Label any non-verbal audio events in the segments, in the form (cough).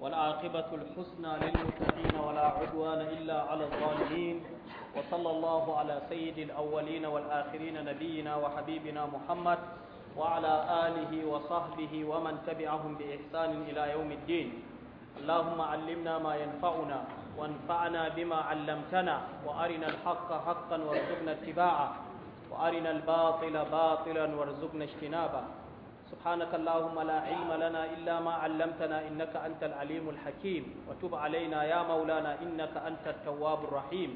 والعاقبة الحسنى للمتقين ولا عدوان إلا على الظالمين وصلى الله على سيد الأولين والآخرين نبينا وحبيبنا محمد وعلى آله وصحبه ومن تبعهم بإحسان إلى يوم الدين اللهم علمنا ما ينفعنا وانفعنا بما علمتنا وأرنا الحق حقا وارزقنا اتباعه وأرنا الباطل باطلا وارزقنا اجتنابه سبحانك اللهم لا علم لنا إلا ما علمتنا إنك أنت العليم الحكيم وتب علينا يا مولانا إنك أنت التواب الرحيم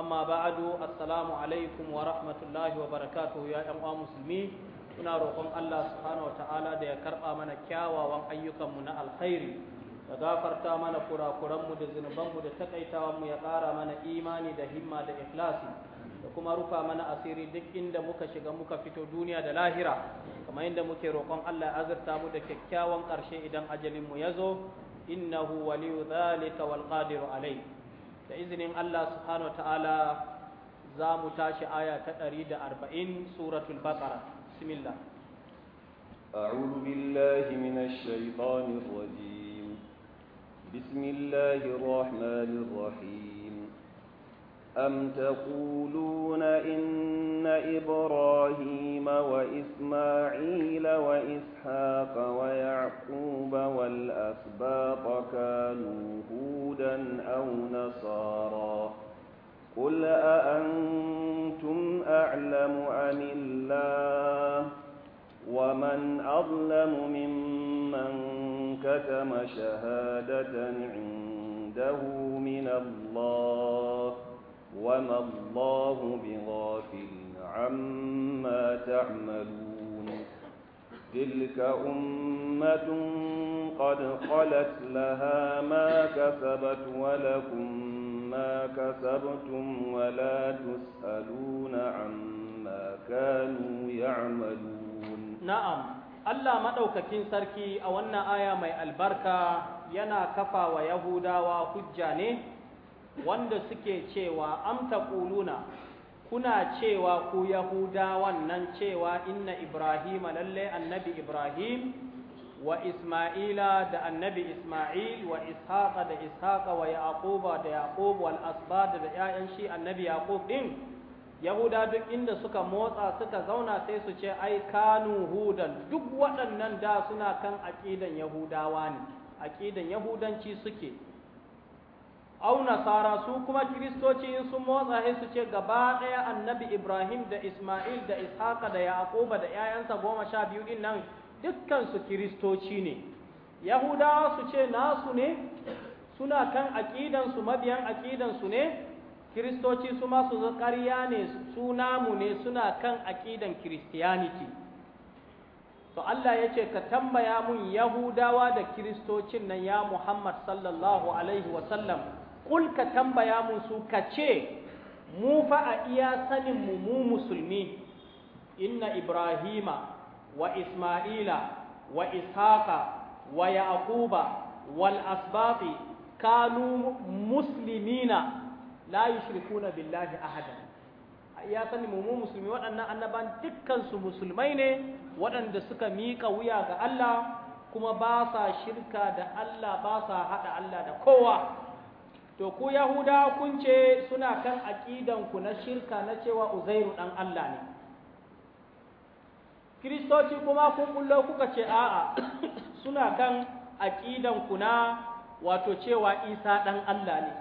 أما بعد السلام عليكم ورحمة الله وبركاته يا أمام مسلمين muna roƙon Allah subhanahu wa ta'ala da ya karɓa mana kyawawan ayyukanmu na alkhairi da gafarta mana kurakuranmu da zunubanmu da takaitawanmu ya ƙara mana imani da himma da ikhlasi da kuma rufa mana asiri duk inda muka shiga muka fito duniya da lahira kamar yadda muke roƙon Allah ya azurta mu da kyakkyawan ƙarshe idan ajalin mu yazo innahu waliyu dhalika wal qadiru alai da izinin Allah subhanahu wa ta'ala za mu tashi aya ta 140 suratul baqara bismillah أعوذ بالله من الشيطان الرجيم بسم الله الرحمن الرحيم أم تقولون إن إبراهيم وإسماعيل وإسحاق ويعقوب والأسباط كانوا هودا أو نصارا قل أأنتم أعلم أم الله ومن أظلم ممن كتم شهادة عنده من الله وما الله بغافل عما تعملون تلك أمة قد خلت لها ما كسبت ولكم ما كسبتم ولا تسألون عما كانوا يعملون نعم ألا maɗaukakin sarki a wannan aya mai albarka yana kafa wa Yahudawa hujja wanda suke cewa amta kuluna kuna cewa ku yahudawan nan cewa inna Ibrahim lalle annabi ibrahim wa isma'ila da annabi isma'il wa ishaqa da ishaqa wa yaquba da yaqub wal asbad da ya'yan shi annabi yaqub din yahuda duk inda suka motsa suka zauna sai su ce ai kanu hudan duk waɗannan da suna kan aqidan yahudawa ne aqidan yahudanci suke au nasara su kuma kiristoci in sun motsa sai su ce gaba ɗaya annabi ibrahim da isma'il da ishaqa da yaquba da 'ya'yansa goma sha biyu din nan dukkan su kiristoci ne yahudawa su ce nasu ne suna kan aqidan su mabiyan aqidan su ne kiristoci su ma su ƙarya ne su namu ne suna kan aƙidan christianity to Allah ya ce ka tambaya mun yahudawa da kiristocin nan ya Muhammad sallallahu alaihi wasallam ƙul ka tambaya musu ka ce mu fa a iya sanin mu mu musulmi inna ibrahima wa isma'ila wa ishaqa wa yaquba wal asbati kanu muslimina la yushrikuna billahi ahada ya sani mu musulmi waɗannan annaban dukkansu musulmai ne waɗanda suka miƙa wuya ga Allah kuma ba sa shirka da Allah ba sa haɗa Allah da kowa to ku yahuda kun ce suna kan aƙidanku na shirka na cewa uzairu ɗan Allah ne kiristoci kuma kun bullo kuka ce a'a (coughs) suna kan aƙidanku na wato cewa isa ɗan Allah ne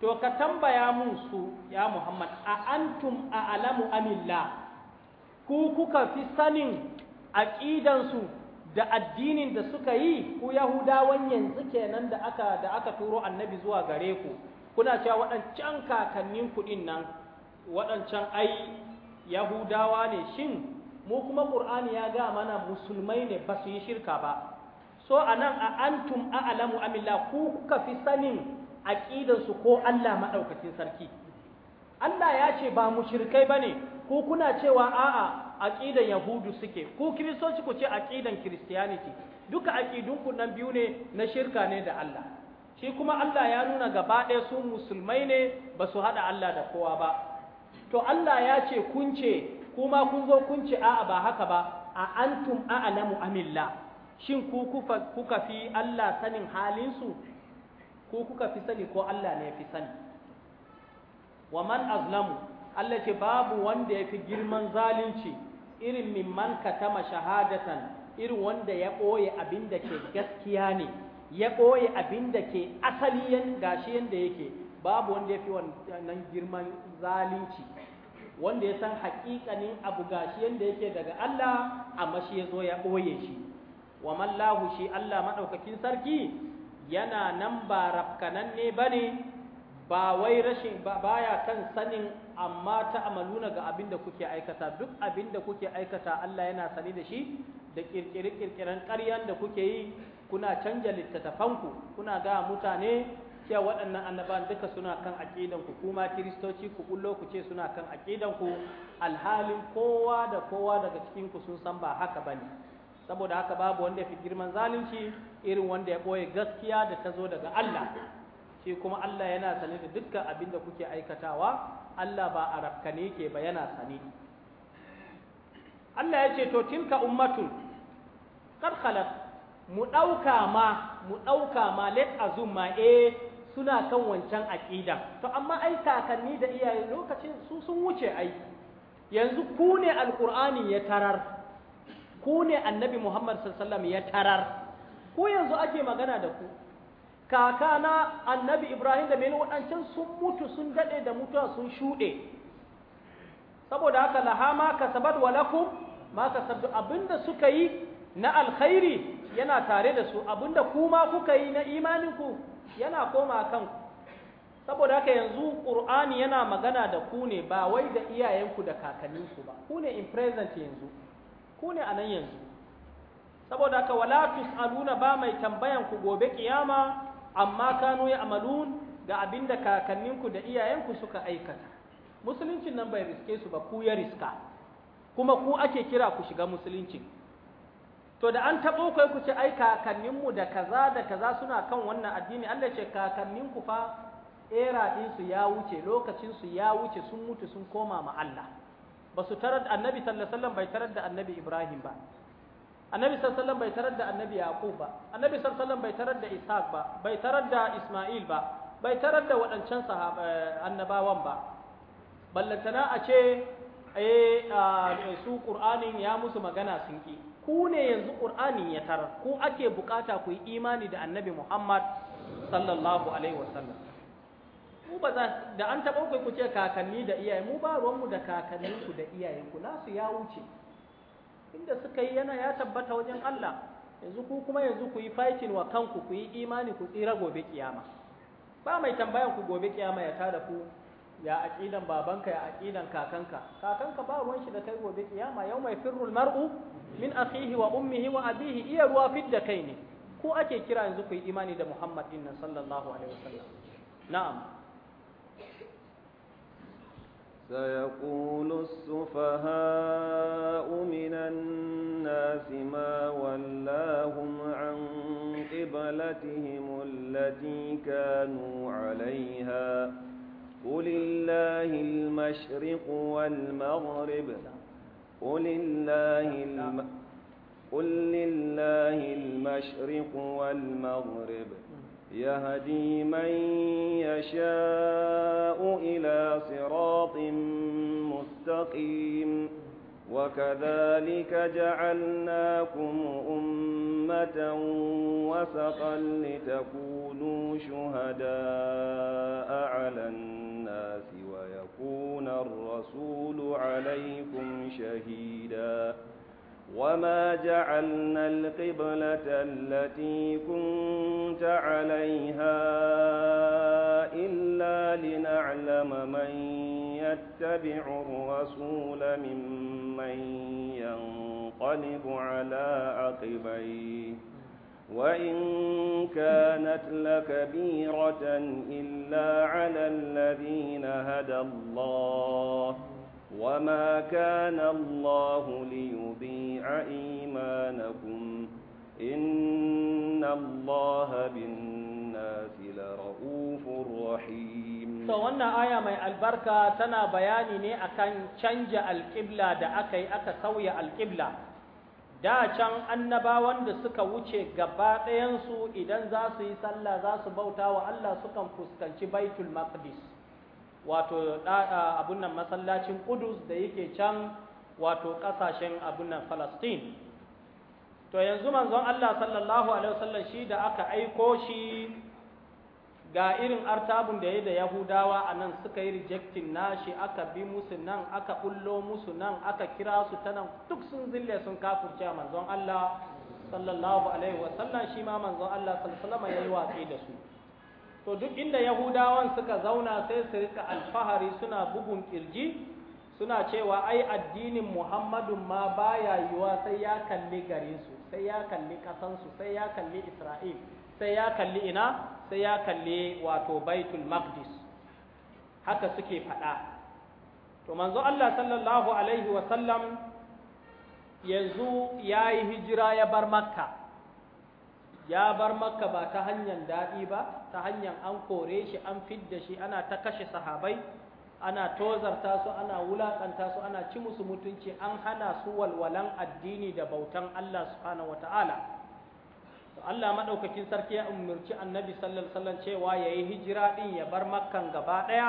to ka tambaya mun su ya muhammad a antum a alamu amilla ku kuka fi sanin aƙidansu da addinin da suka yi ku yahudawan yanzu kenan da aka da aka turo annabi zuwa gare ku kuna cewa waɗancan kakannin kuɗin nan waɗancan ai yahudawa ne shin mu kuma ƙur'ani ya ga mana musulmai ne ba su yi shirka ba so anan a antum a'lamu amilla ku kuka fi sanin su ko Allah madaukakin sarki Allah ya ce ba mushrikai bane ko kuna cewa a'a aƙidan yahudu suke ku kiristoci ku ce aqidan christianity duka aqidun ku nan biyu ne na shirka ne da Allah shi kuma Allah ya nuna gaba ɗaya su musulmai ne ba su haɗa Allah da kowa ba to Allah ya ce kun ce kuma kun zo kun ce a'a ba haka ba a antum a'lamu amilla shin ku kuka fi Allah sanin halinsu ko kuka fi sani ko Allah ne ya fi sani wa man azlamu Allah ce babu wanda ya fi girman zalunci irin mimman katama shahadatan irin wanda ya ɓoye abin da ke gaskiya ne ya ɓoye abin da ke asali gashi yadda yake babu wanda ya fi wannan girman zalunci wanda ya san haƙiƙanin abu gashi yadda yake daga Allah amma shi ya zo ya ɓoye shi wa mallahu shi Allah maɗaukakin sarki yana nan ba ba ne? ba wai rashin baya kan sanin amma ta amaluna ga abin da kuke aikata duk abin da kuke aikata Allah yana sani da shi da kirkirin kirkiran ƙaryan da kuke yi kuna canja littattafanku kuna ga mutane cewa waɗannan annaban duka suna kan aƙidanku kuma kiristoci ku kullo ku ce suna kan aƙidanku alhalin kowa da kowa daga cikin ku sun san ba haka ba ne. saboda haka babu wanda ya fi girman zalunci irin wanda ya ɓoye gaskiya da ta zo daga Allah shi kuma Allah yana sane da dukkan abin da kuke aikatawa Allah ba a rafkane ke ba yana sane Allah ya ce to tilka ummatun ummatu, khalat mu dauka ma mu ɗauka ma let azum ma eh suna kan wancan aqida to amma ai kakanni da iyaye lokacin su sun wuce ai yanzu ku ne alqur'ani ya tarar ku ne annabi Muhammad sallallahu alaihi wasallam ya tarar ku yanzu ake magana da ku kakana annabi ibrahim da mene waɗancan sun mutu sun daɗe da mutuwa sun shuɗe saboda haka laha ma kasabat wa lakum ma kasabtu abinda suka yi na alkhairi yana tare da su abinda kuma kuka yi na imaninku yana koma kan saboda haka yanzu qur'ani yana magana da ku ne ba wai da iyayenku da kakanninku ba ku ne in present yanzu ku ne anan yanzu saboda haka wala tusaluna ba mai tambayan ku gobe kiyama amma kanu ya amalun ga abinda kakanninku da iyayenku suka aikata musuluncin nan bai riske su ba ku ya riska kuma ku ake kira ku shiga musuluncin to da an taɓa kai ku ce ai kakanninmu da kaza da kaza suna kan wannan addini Allah ce kakanninku fa era su ya wuce lokacin su ya wuce sun mutu sun koma ma Allah Basu tarar da annabi sallallahu alaihi wasallam bai tarar da annabi Ibrahim ba annabi sallallahu bai tarar da annabi yaqub ba annabi sallallahu bai tarar da ishaq ba bai tarar da isma'il ba bai tarar da waɗancan eh, annabawan ba ballantana a ce eh su qur'anin ya musu magana sun ki ku ne yanzu qur'anin ya tarar ku ake bukata ku yi imani da annabi muhammad sallallahu alaihi wasallam mu ba da an taɓa ku ce kakanni da iyaye mu ba ruwanmu da kakanninku da iyaye, iyayenku su ya wuce inda suka yi yana ya tabbata wajen Allah yanzu ku kuma yanzu ku yi fighting wa kanku ku yi imani ku tsira gobe kiyama ba mai tambayan ku gobe kiyama ya tada ku ya aqidan babanka ya aqidan kakanka kakanka ba ruwan shi da kai gobe kiyama yau mai firrul mar'u min akhihi wa ummihi wa abihi iya ruwa fidda kai ne ko ake kira yanzu ku yi imani da Muhammad din sallallahu alaihi wasallam na'am سيقول السفهاء من الناس ما ولاهم عن قبلتهم التي كانوا عليها قل الله المشرق والمغرب قل الله الم... قل لله المشرق والمغرب يهدي من يشاء إلى صراط مستقيم وكذلك جعلناكم أمة وسطا لتكونوا شهداء على الناس ويكون الرسول عليكم شهيداً وما جعلنا القبلة التي كنت عليها إلا لنعلم من يتبع الرسول ممن ينقلب على عقبيه وإن كانت لكبيرة إلا على الذين هدى الله وما كان الله ليضيع إيمانكم إن الله بالناس لرؤوف رحيم so wannan aya mai albarka tana bayani ne akan canja alƙibla da aka yi aka sauya alƙibla da can annabawan da suka wuce gaba ɗayansu idan za su yi sallah za su bauta wa Allah sukan fuskanci baitul maqdis wato abun nan masallacin Qudus da yake can wato kasashen abun nan Falastin. To yanzu manzon Allah sallallahu Alaihi wasallam shi da aka aiko shi ga irin artabun da ya da Yahudawa a nan suka yi rejectin nashi aka bi musu nan aka bullo musu nan aka kira su ta nan duk sun zille sun kafurce manzon Allah sallallahu Alaihi wasallam shi ma manzon Allah sallallahu Alaihi wasallam ya yi watsi da su. to duk inda yahudawan suka zauna sai su rika alfahari suna bugun kirji suna cewa ai addinin muhammadun ma baya yiwa sai ya kalli garinsu sai ya kalli kasansu sai ya kalli isra'il sai ya kalli ina sai ya kalli wato baitul maqdis haka suke faɗa to manzo Allah sallallahu alaihi wasallam yanzu ya yi hijira ya bar makka ya bar makka ba ta hanyar daɗi ba ta hanyar an kore shi an fidda shi ana ta kashe sahabai ana tozarta su ana wulaƙanta su ana ci musu mutunci an hana su walwalan addini da bautan Allah subhanahu wata'ala to Allah madaukakin sarki ya umurci annabi sallallahu alaihi wasallam cewa yayi hijira ɗin ya bar makkan gaba ɗaya,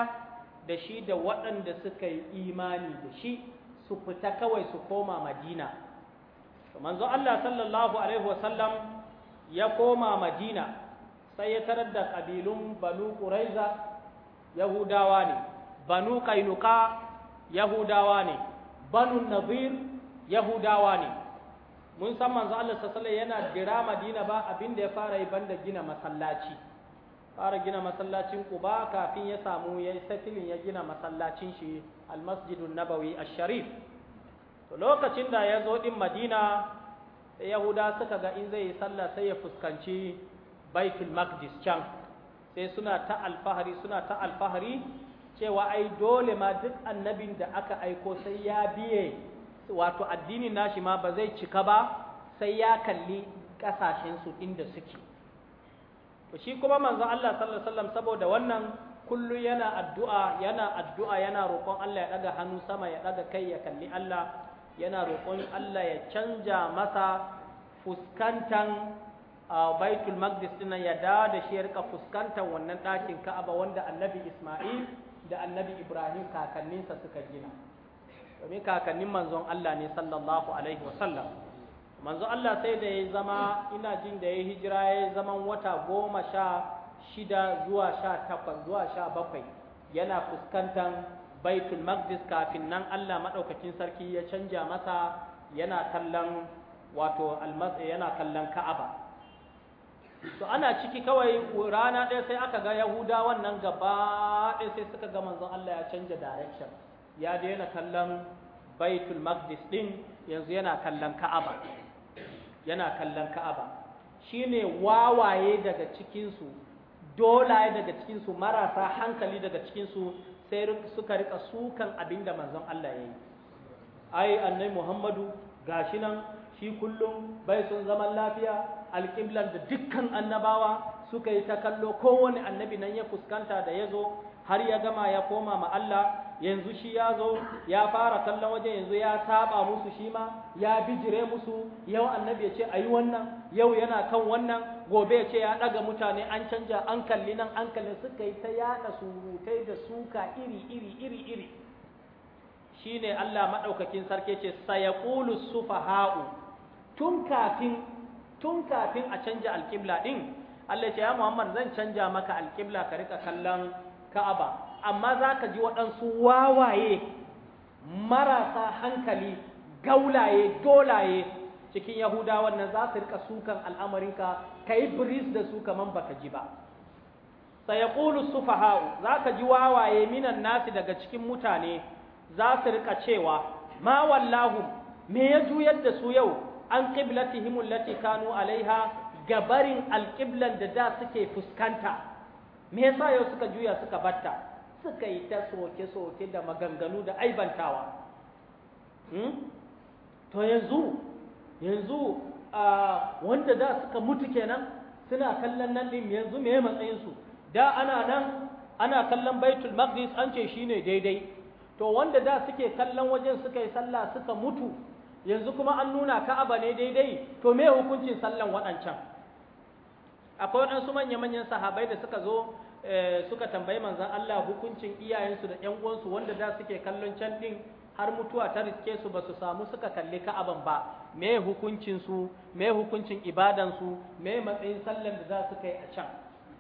da shi da waɗanda suka yi imani da shi su fita kawai su koma madina to manzo Allah sallallahu alaihi wasallam ya koma madina sai ya tarar da kabilun banu ƙuraiza yahudawa ne banu kainuka yahudawa ne banu nazir yahudawa ne mun san manzo Allah sallallahu yana jira madina ba abin da ya fara yi banda gina masallaci fara gina masallacin Quba kafin ya samu ya yi ya gina masallacin shi al-Masjidun Nabawi ash-Sharif to lokacin da ya zo din Madina yahuda suka ga in zai yi sallah sai ya fuskanci baitul maqdis can sai suna ta alfahari suna ta alfahari cewa ai dole ma duk annabin da aka aiko sai ya biye wato addinin nashi ma ba zai cika ba sai ya kalli su inda suke to shi kuma manzo Allah sallallahu alaihi wasallam saboda wannan kullu yana addu'a yana addu'a yana roƙon Allah ya daga hannu sama ya daga kai ya kalli Allah yana roƙon Allah ya canja masa fuskantan baitul maqdis din ya dawo da shi ya rika fuskantar wannan ɗakin ka'aba wanda annabi isma'il da annabi ibrahim kakanninsa suka gina domin kakannin manzon Allah ne sallallahu alaihi wa sallam. manzon Allah sai da ya zama ina jin da ya hijira ya zaman wata goma sha shida zuwa sha takwas zuwa sha bakwai yana fuskantan baitul maqdis kafin nan Allah madaukakin sarki ya canja masa yana kallon wato yana kallon ka'aba to ana ciki kawai rana ɗaya sai aka ga yahudawan nan gaba ɗaya sai suka ga manzon Allah ya canja direction ya daina kallon baitul maqdis din yanzu yana kallon ka'aba yana kallon ka'aba shine wawaye daga cikinsu dolaye daga cikinsu marasa hankali daga cikinsu sai suka rika sukan abin da manzon Allah ya yi ai annai muhammadu gashi nan shi kullum bai sun zaman lafiya alƙiblan da dukkan annabawa suka yi ta kallo kowane annabi nan ya fuskanta da ya zo har ya gama ya koma ma Allah yanzu shi ya zo ya fara kallon wajen yanzu ya saba musu shi ma ya bijire musu yau annabi ya ce a yi wannan yau yana kan wannan gobe ce ya ɗaga mutane an canja an kalli nan an kalli suka yi ta yaɗa surutai da suka iri iri iri iri shi ne Allah maɗaukakin sarki ce sayakulu sufaha'u tun kafin tun kafin a canja alƙibla ɗin Allah ce ya Muhammad zan canja maka alƙibla ka rika kallon Ka'aba amma za ka ji waɗansu wawaye marasa hankali gaulaye dolaye cikin yahudawan nan za su rika sukan al'amarinka ka yi biris da su kaman baka ji ba sai ya ƙulu sufaha'u za ka ji wawaye minan nasi daga cikin mutane za su rika cewa ma wallahu me ya juyar da su yau an qiblatihim allati kanu alaiha gabarin alqiblan da da suke fuskanta me yasa yau suka juya suka batta suka yi ta soke-soke da maganganu da aibantawa hmm? to yanzu yanzu a wanda da suka mutu kenan suna kallon nan din yanzu me matsayin su da ana nan ana kallon baitul maqdis an ce shine daidai to wanda da suke kallon wajen suka yi sallah suka mutu yanzu kuma an nuna ka'aba ne daidai to me hukuncin sallan waɗancan akwai waɗansu manya-manyan sahabai da suka zo eh, suka tambayi manzan Allah hukuncin iyayensu da ‘yan uwansu wanda da suke kallon can din har mutuwa ta riske su ba su samu suka kalli ka'aban ba me hukuncin su me hukuncin ibadan su me matsayin sallan da za su kai a can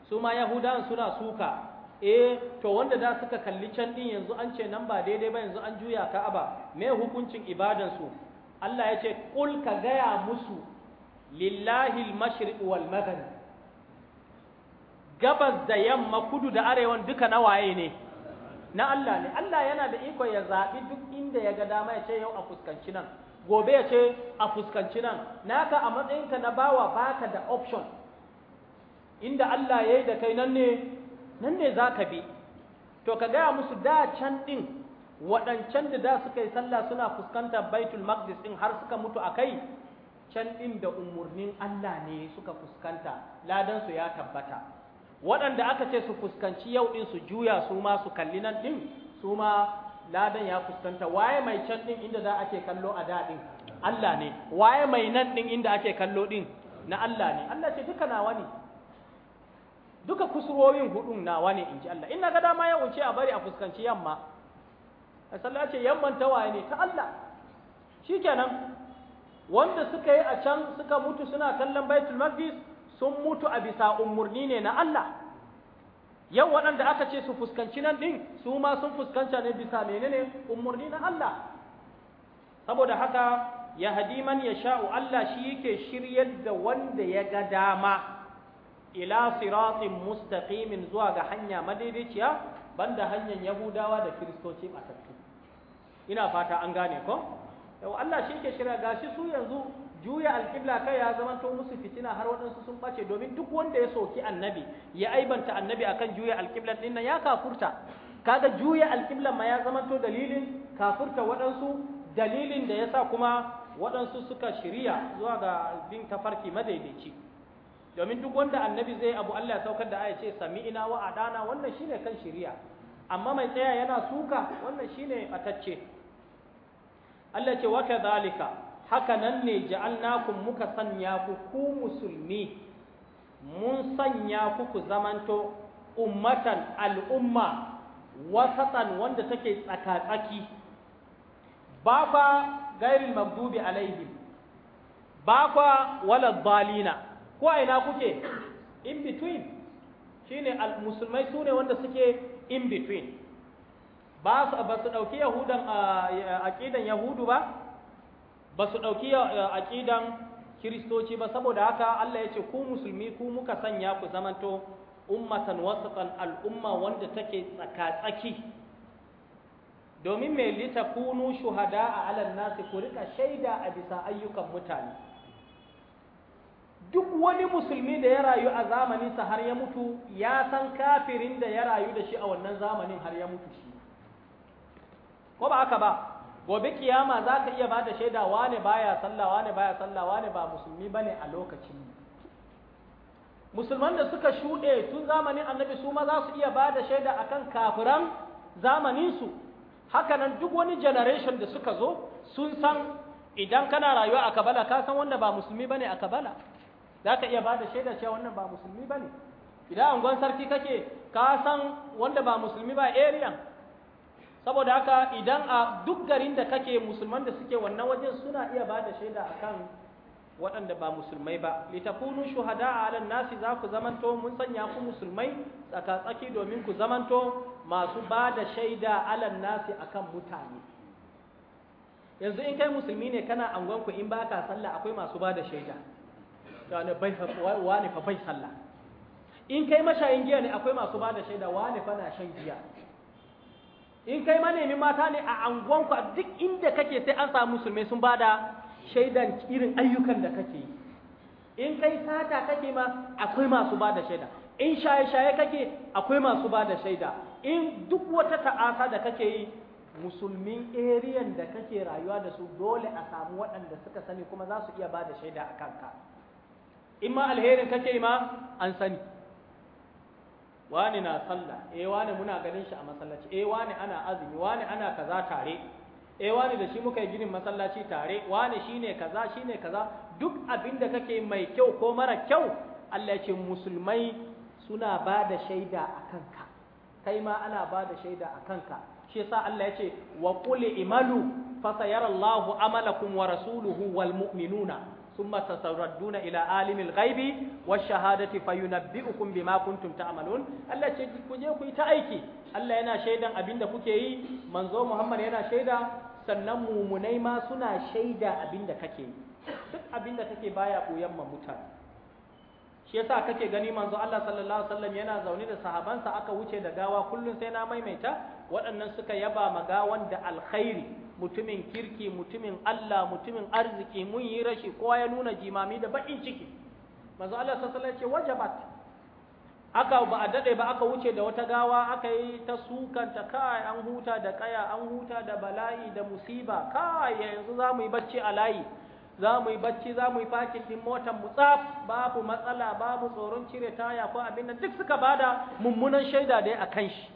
su ma yahudawan suna suka eh to wanda za suka kalli can din yanzu an ce nan ba daidai ba yanzu an juya ka aba. me hukuncin ibadan su Allah ya ce kul ka gaya musu lillahi al-mashriq wal maghrib gabas da yamma kudu da arewan duka na waye ne na Allah ne Allah yana da iko ya zaɓi duk inda ya ga dama ya ce yau a fuskanci nan gobe ya ce a fuskanci nan naka a matsayinka na bawa baka da option inda Allah ya yi da kai nan ne nan ne za ka bi to ka gaya musu da can ɗin waɗancan da za suka yi sallah suna fuskantar baitul maqdis ɗin har suka mutu a kai can ɗin da umarnin Allah ne suka fuskanta ladansu ya tabbata waɗanda aka ce su fuskanci yau ɗin su juya su ma su kalli nan ɗin su ma ladan ya fuskanta waye mai can din inda za ake kallo a daɗin Allah ne waye mai nan din inda ake kallo din na Allah ne Allah ce duka nawa ne duka kusurwoyin hudun nawa ne in Allah in na ga dama ya wuce a bari a fuskanci yamma sallah ce yamman ta waye ne ta Allah shikenan wanda suka yi a can suka mutu suna kallon baitul maqdis sun mutu a bisa umurni ne na Allah yau waɗanda aka ce su fuskanci nan ɗin su ma sun fuskanta ne bisa menene umarni na Allah saboda haka ya hadiman ya sha'u Allah shi yake shiryar da wanda ya ga dama ila siratin mustaqimin zuwa ga hanya madaidaiciya banda hanyar yahudawa da kiristoci a ina fata an gane ko yau Allah shi yake shirya gashi su yanzu juya alƙibla kai ya zamanto musu fitina har waɗansu sun ɓace domin duk wanda ya soki annabi ya aibanta annabi akan juya alƙibla ɗin nan ya kafurta kaga juya alƙibla ma ya zamanto dalilin kafurta waɗansu dalilin da ya sa kuma waɗansu suka shirya zuwa ga bin tafarki madaidaici domin duk wanda annabi zai abu Allah ya saukar da aya ce sami'ina wa adana wannan shine kan shirya amma mai tsaya yana suka wannan shine atacce Allah ce wa kadhalika haka nan ne ja'alnakum muka sanya ku ku musulmi mun sanya ku ku zamanto ummatan al'umma wasatan wanda take tsakatsaki ba fa gairil magdubi alaihim ba kwa wala dalina ko ina kuke in between shine musulmai sune wanda suke in between ba su ba su yahudan aqidan yahudu ba ba su ɗauki aƙidan kiristoci ba saboda haka Allah ya ce ku musulmi ku muka sanya ku zamanto ummatan wasatan al'umma wanda take tsaki domin mai kunu shuhada a alal nasi ku rika shaida a bisa ayyukan mutane duk wani musulmi da ya rayu a zamaninsa har ya mutu ya san kafirin da ya rayu da shi a wannan zamanin har ya mutu shi ko ba haka ba gobe kiyama za ka iya ba da shaida wane baya sallah wane baya sallah wane ba musulmi bane a lokacin musulman da suka shuɗe tun zamanin annabi su ma za su iya ba da shaida akan kafiran zamaninsu hakanan duk wani generation da suka zo sun san idan kana rayuwa a kabala ka san wanda ba musulmi bane a kabala za ka iya ba da shaida cewa wannan ba musulmi bane idan angon sarki kake ka san wanda ba musulmi ba eriyan. saboda haka idan a duk garin da kake musulman da suke wannan wajen suna iya ba da shaida akan waɗanda ba musulmai ba litakunu shuhada a alan nasi za ku zamanto mun sanya ku musulmai tsaka tsaki domin ku zamanto masu ba da shaida alan nasi akan mutane yanzu in kai musulmi ne kana angon ku in baka sallah akwai masu ba da shaida yana bai wani fa bai sallah in kai mashayin giya ne akwai masu ba da shaida wani fa na shan giya in kai manemin mata ne a anguwanku a duk inda kake sai an samu musulmai sun bada shaidan irin ayyukan da kake yi in kai sata kake ma akwai masu bada shaida in shaye-shaye kake akwai masu bada shaida in duk wata ta'asa da kake yi musulmin eriyan da kake rayuwa da su dole a samu waɗanda suka sani kuma za su iya bada shaida a kanka in ma alherin kake ma an sani wani na sallah eh wani muna ganin shi a masallaci eh wani ana azumi wani ana kaza tare eh wani da shi muka yi ginin masallaci tare wani shine kaza shine kaza duk abin da kake mai kyau ko mara kyau Allah ya ce musulmai suna ba da shaida a kanka kai ma ana ba da shaida a kanka shi yasa Allah ya ce wa qul imalu fa Allahu amalakum wa rasuluhu wal mu'minuna summa tasarraduna ila alimil ghaibi wash shahadati fayunabbi'ukum bima kuntum ta'malun Allah ce ku je ku yi ta aiki Allah yana shaidan abinda kuke yi manzo Muhammad yana shaida sannan mumunai ma suna shaida abinda kake duk abinda kake baya koyan ma mutane shi yasa kake gani manzo Allah sallallahu alaihi wasallam yana zaune da sahabansa aka wuce da gawa kullun sai na maimaita waɗannan suka yaba magawan da alkhairi mutumin kirki mutumin Allah mutumin arziki mun yi rashi kowa ya nuna jimami da bakin ciki manzo Allah sallallahu alaihi wasallam wajabat aka ba a dade ba aka wuce da wata gawa aka yi ta sukanta kai an huta da kaya an huta da bala'i da musiba kai yanzu za mu yi bacci a layi za mu yi bacci za mu yi fakin din motar mu tsaf babu matsala babu tsoron cire taya ko abin nan duk suka bada mummunan shaida dai akan shi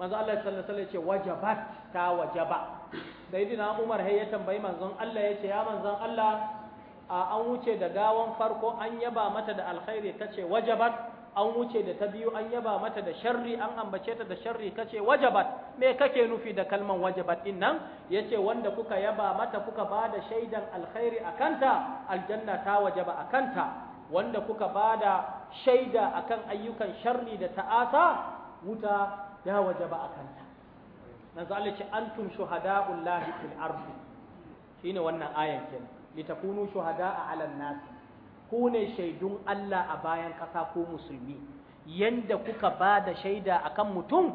manzo Allah sallallahu alaihi wasallam ya ce wajabat ta wajaba sayyidina Umar ya tambayi manzon Allah yace ya manzon Allah a an wuce da gawan farko an yaba mata da alkhairi kace wajabat an wuce da ta biyu an yaba mata da sharri an ambace ta da sharri kace wajabat me kake nufi da kalman wajabat din nan yace wanda kuka yaba mata kuka bada shaidan alkhairi akanta aljanna ta wajaba akanta wanda kuka bada shaida akan ayyukan sharri da ta'asa wuta ya wajaba akanta na zalici ce antum shuhada'ul lahi fil ardi shine wannan ayan kunu litakunu a 'alan nas ku ne shaidun Allah a bayan kasa ko musulmi yanda kuka ba da shaida akan mutum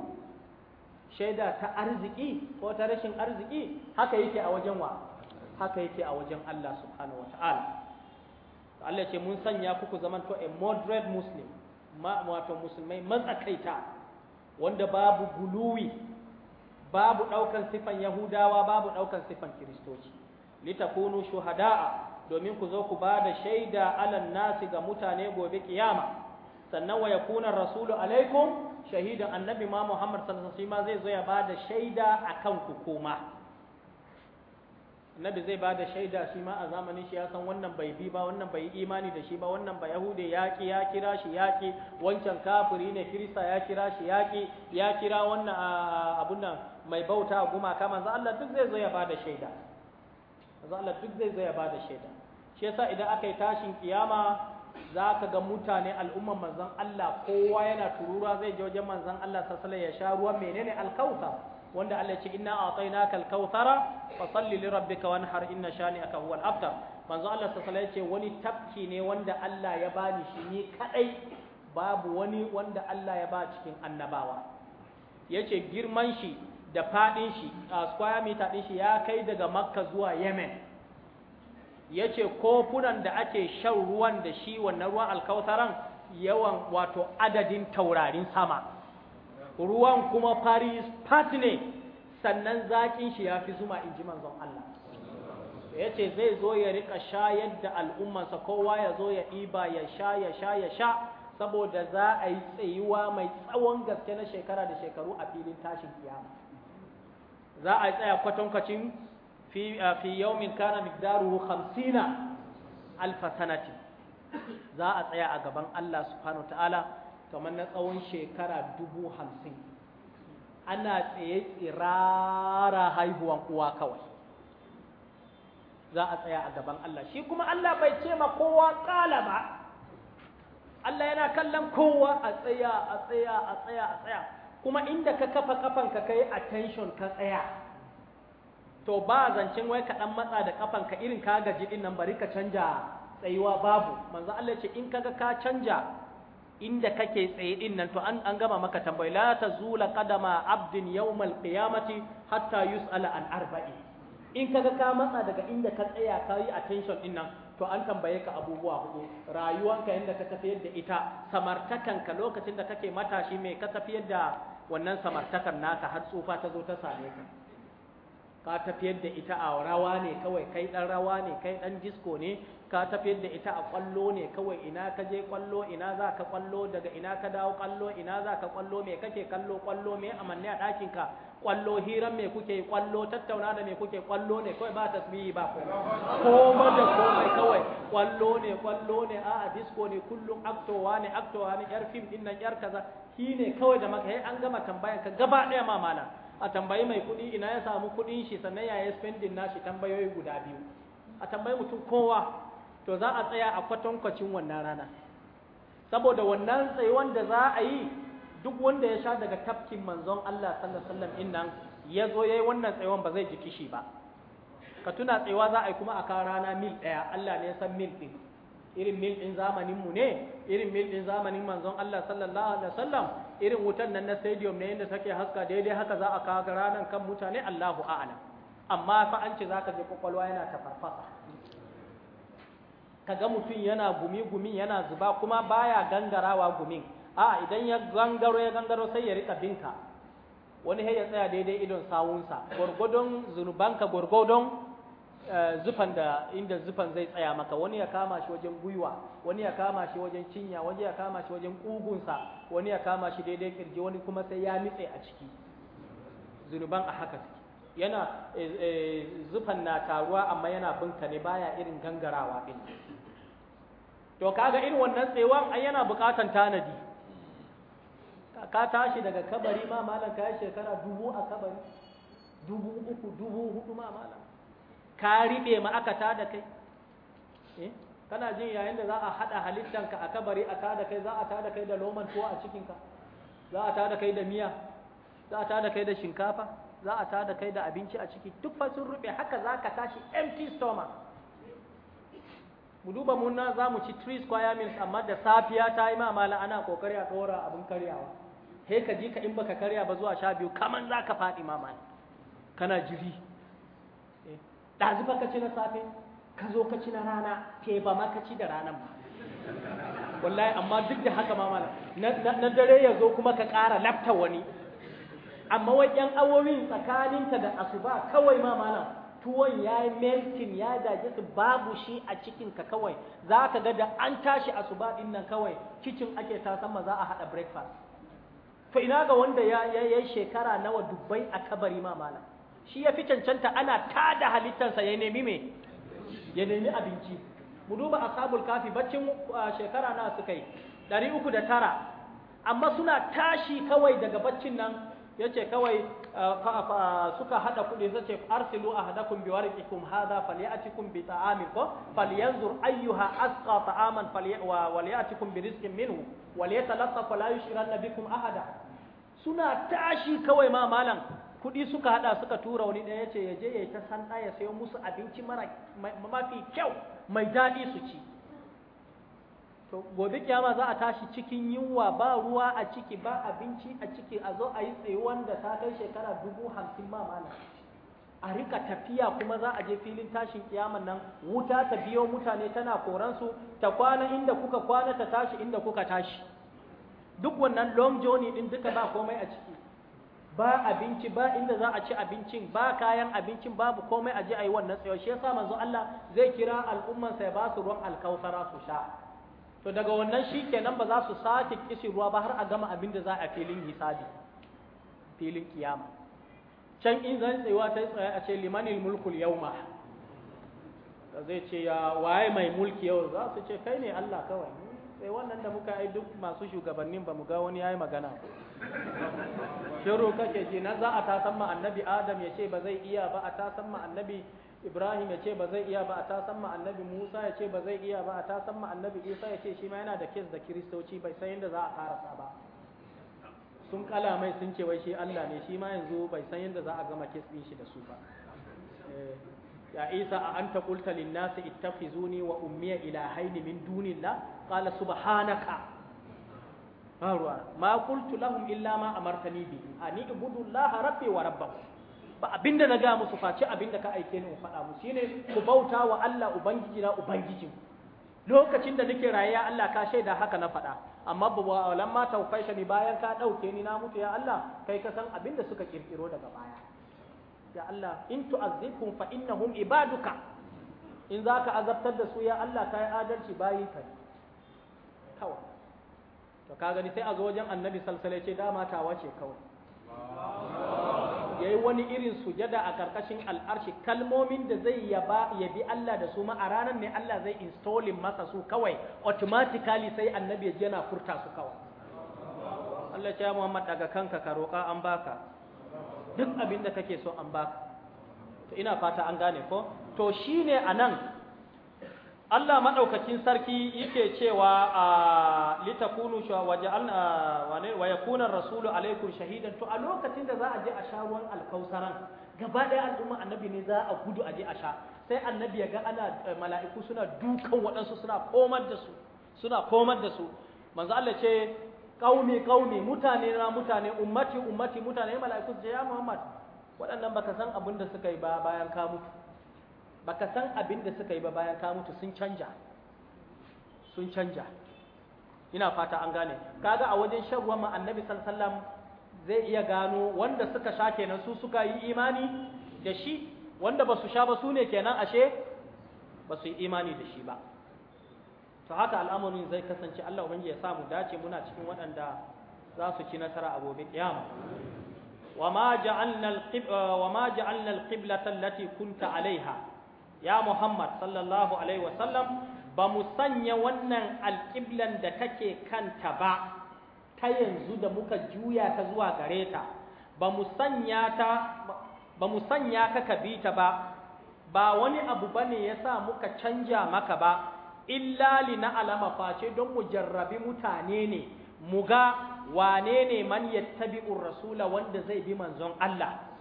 shaida ta arziki ko ta rashin arziki haka yake a wajen wa haka yake a wajen Allah subhanahu wata'ala Allah ce mun sanya kuku zaman to a moderate muslim wato musulmai matsakaita wanda babu guluwi babu ɗaukan sifan yahudawa babu ɗaukan sifan kiristoci litakunu shuhada'a domin ku zo ku ba da shaida alan nasi ga mutane gobe kiyama sannan wa yakuna rasulu alaikum shahidan annabi ma muhammad sallallahu alaihi wasallam zai zo ya ba da shaida akan ku kuma annabi zai ba da shaida shi ma a zamanin shi ya san wannan bai bi ba wannan bai imani da shi ba wannan ba yahude ya yaki ya kira shi yaki wancan kafiri ne kirista ya kira shi ki ya kira wannan abun nan mai bauta gumaka manzo Allah duk zai zo ya bada shaida manzo Allah duk zai zo ya bada shaida shi yasa idan aka yi tashin kiyama zaka ga mutane al'umman manzon Allah kowa yana turura zai je wajen manzon Allah sallallahu ya sha ruwa menene alkausa wanda Allah ya ce inna a'tainaka alkauthara fasalli li rabbika wanhar inna shani'aka huwal abtar manzo Allah sallallahu ya ce wani tafki ne wanda Allah ya bani shi ni kadai babu wani wanda Allah ya ba cikin annabawa yace girman shi da faɗin shi a square meter ɗin shi ya kai daga makka zuwa yemen yace ce kofunan da ake shan ruwan da shi wannan ruwan alkautaran yawan wato adadin taurarin sama ruwan kuma paris Pat ne sannan zaƙin shi ya fi zuma in ji manzon Allah ya zai zo ya rika shayar da al'ummansa kowa ya zo ya ɗiba ya sha ya sha ya sha saboda za a yi tsayuwa mai tsawon gaske na shekara da shekaru a filin tashin kiyama za a tsaya kwatankwacin fi fi yawmin kana miqdaruhu 50 alfa sanati za a tsaya a gaban Allah subhanahu ta'ala kamar na tsawon shekara dubu hamsin ana tsaye tsirara haihuwan uwa kawai za a tsaya a gaban Allah shi kuma Allah bai ce ma kowa kala ba Allah yana kallon kowa a tsaya a tsaya a tsaya a tsaya kuma inda ka kafa kafan ka kai attention ka tsaya to ba zancen wai ka dan matsa da kafan ka irin ka gaji din nan bari ka canja tsayuwa babu manzo Allah ce in kaga ka canja inda kake tsaye din nan to an an gama maka tambayi la tazula qadama abdin yawmal qiyamati hatta yus'ala an arba'i in kaga ka matsa daga inda ka tsaya ka yi attention din nan to an tambaye ka abubuwa hudu rayuwanka yadda ka tafiyar da ita samartakanka lokacin da kake matashi mai ka tafiyar da wannan samartakar naka har tsufa ta zo ta same ka ka tafiyar da ita a rawa ne kawai kai dan rawa ne kai dan disco ne ka tafiyar da ita a kwallo ne kawai ina ka je kwallo ina za ka kwallo daga ina ka dawo kwallo ina za ka kwallo me kake kallo kwallo me amanne a ɗakin ka kwallo hiran me kuke kwallo tattauna da me kuke kwallo ne kawai ba tasbihi ba koma da komai kawai kwallo ne kwallo ne a a disco ne kullum aktowa ne aktowa ne yar fim din nan yar kaza shi ne kawai da maka an gama tambayan ka gaba ɗaya ma a tambayi mai kuɗi ina ya samu kuɗin shi sannan yaya spending nashi tambayoyi guda biyu a tambayi mutum kowa to za a tsaya a kwatankwacin wannan rana saboda wannan tsayuwan da za a yi duk wanda ya sha daga tafkin manzon Allah sallallahu alaihi wasallam innan ya zo yayi wannan tsayuwan ba zai ji kishi ba ka tuna tsayuwa za a yi kuma a kan rana mil ɗaya Allah ne ya san mil ɗin irin mil din zamanin mu ne irin mil din zamanin manzon Allah sallallahu alaihi wasallam irin wutan nan na stadium ne inda take haska daidai haka za a kaga ranan kan mutane Allahu a'lam amma fa an ce zaka je kokwalwa yana tafarfasa kaga mutum yana gumi gumi yana zuba kuma baya gangarawa gumin a idan ya gangaro ya gangaro sai ya rika binka wani ya tsaya daidai idon sawunsa gwargwadon zunubanka gwargwadon Eh, zufan da inda zufan zai tsaya maka wani ya kama shi wajen gwiwa wani ya kama shi wajen cinya wani ya kama shi wajen kugunsa wani ya kama shi daidai kirji wani kuma sai ya nitse a ciki zunuban a haka suke yana eh, eh, zufan na taruwa amma yana binka ne baya irin gangarawa din to kaga irin wannan tsewan ai yana bukatan tanadi ka tashi daga kabari ma malam ka shekara dubu a kabari dubu uku dubu hudu ma malam ka riɓe ma aka ta da kai eh, kana jin yayin da za a haɗa halittanka a kabari a tada da kai za a ta da kai da loman tuwa a cikinka za a ta da kai da miya za a ta da kai da shinkafa za a ta da kai da abinci a ciki duk fa sun ruɓe haka za ka tashi empty stomach mu duba munna za mu ci three square meals amma da safiya ta yi ma mala ana kokari a ɗora abin karyawa he ka ji ka in baka karya ba zuwa sha biyu kaman za ka faɗi mamala kana jiri ɗazufa zuba ka ci na safe ka zo ka ci na rana Ke ba ma ka ci da ranan ba wallahi amma duk da haka ma mala na dare ya zo kuma ka ƙara lafta wani amma wai ƴan awowin tsakaninka da asuba kawai ma malam tuwon ya yi melting ya daji su babu shi a cikinka kawai za ka ga da an tashi asuba ɗin nan kawai kicin ake tasan ma za a haɗa breakfast to ina ga wanda ya yi shekara nawa dubbai a kabari ma malam shi ya fi cancanta ana tada halittarsa, ya nemi me ya nemi abinci mu duba ashabul kafi baccin shekara na suka yi ɗari uku da tara amma suna tashi kawai daga baccin nan ya ce kawai suka haɗa kuɗi ta ce arsilu a haɗakun bi warikikum hada faliyatikum bi ta'amin ko falyanzur ayyuha asqa ta'aman waliyatikum bi rizqin minhu waliyatalaffa fala yushranna bikum ahada suna tashi kawai ma malam kuɗi suka haɗa suka tura wani ɗaya ce ya je ya ta sanda ya sayo musu abinci mafi kyau mai daɗi su ci to gobe kiyama za a tashi cikin yunwa ba ruwa a ciki ba abinci a ciki a zo a yi tsayuwan da ta kai shekara dubu hamsin ma mana a rika tafiya kuma za a je filin tashin kiyaman nan wuta ta biyo mutane tana koransu ta kwana inda kuka kwana ta tashi inda kuka tashi duk wannan long journey din duka ba komai a ciki ba abinci ba inda za a ci abincin ba kayan abincin babu komai a ji a yi wannan tsayo shi yasa manzo Allah zai kira al'umman sai ba su ruwan alkausara su sha to daga wannan shi kenan ba za su sake kishi ruwa ba har a gama abin da za a filin hisabi filin kiyama can in zan tsayuwa ta tsaya a ce limanil mulkul yauma zai ce ya waye mai mulki yau za su ce kai ne Allah kawai sai wannan da muka yi duk masu shugabannin ba mu ga wani yayi magana shiru kake ji nan za a tasan ma annabi adam ya ce ba zai iya ba a tasan ma annabi ibrahim ya ce ba zai iya ba a tasan ma annabi musa ya ce ba zai iya ba a tasan ma annabi isa ya ce shi ma yana da kes da kiristoci bai san yadda za a karasa ba sun kala mai sun ce wai shi allah ne shi ma yanzu bai san yadda za a gama kes din shi da su ba eh, ya isa a anta qulta lin nasi ittakhizuni wa ummiya ilahaini min dunillah qala subhanaka ba ma kultu lahum illa ma amartani bihi ani ibudu Laha rabbi wa rabbakum ba abinda na ga musu face abinda ka aike ni in faɗa Shi shine ku bauta wa Allah ubangiji na ubangijin lokacin da nake rayuwa Allah ka shaida haka na faɗa amma ba walan ma tawfaisha ni bayan ka ɗauke ni na mutu ya Allah kai ka san abinda suka kirkiro daga baya ya Allah in tu'azzibhum fa innahum ibaduka in zaka azabtar da su ya Allah kai adalci bayin ka kawai to ka gani sai a zo wajen annabi salsala ce dama tawa ce kawai ya yi wani irin sujada a ƙarƙashin al'arshi kalmomin da zai yabi Allah da su ma a ranar ne Allah zai installin masa su kawai automatically sai annabi ya yana furta su kawai Allah ya Muhammad daga kanka ka roƙa an baka duk abin da kake so an baka to ina fata an gane ko to shine anan Allah maɗaukacin sarki yake cewa a litakunu wa kunan rasulu alaikum shahidan to a lokacin da za a je a sha ruwan alkausaran gaba ɗaya al'umma annabi ne za a gudu a je a sha sai annabi ya ga ana eh, mala'iku suna dukan waɗansu suna komar da su suna komar da su manzo Allah ce qaumi qaumi mutane na mutane ummati ummati mutane mala'iku ce ya Muhammad waɗannan baka san abin da suka yi ba bayan ka mutu baka san abin da suka yi ba bayan ka mutu sun canja sun canja ina fata an gane kaga a wajen shan ruwan annabi sallallahu alaihi wasallam zai iya gano wanda suka sha kenan su suka yi imani da shi wanda ba su sha ba su ne kenan ashe ba su yi imani da shi ba to haka al'amarin zai kasance Allah ubangiji ya samu dace muna cikin waɗanda za su ci nasara a gobe kiyama وما جعلنا القبلة التي كنت عليها ya Muhammad sallallahu alaihi wasallam ba mu sanya wannan alƙiblan da kake kanta ba ta yanzu da muka juya ta zuwa gare ta ba mu sanya ka ka bi ta ba ba wani abu bane yasa muka canja maka ba illa li na alama face don mu jarrabi mutane ne muga ga wane ne man rasula wanda zai bi manzon Allah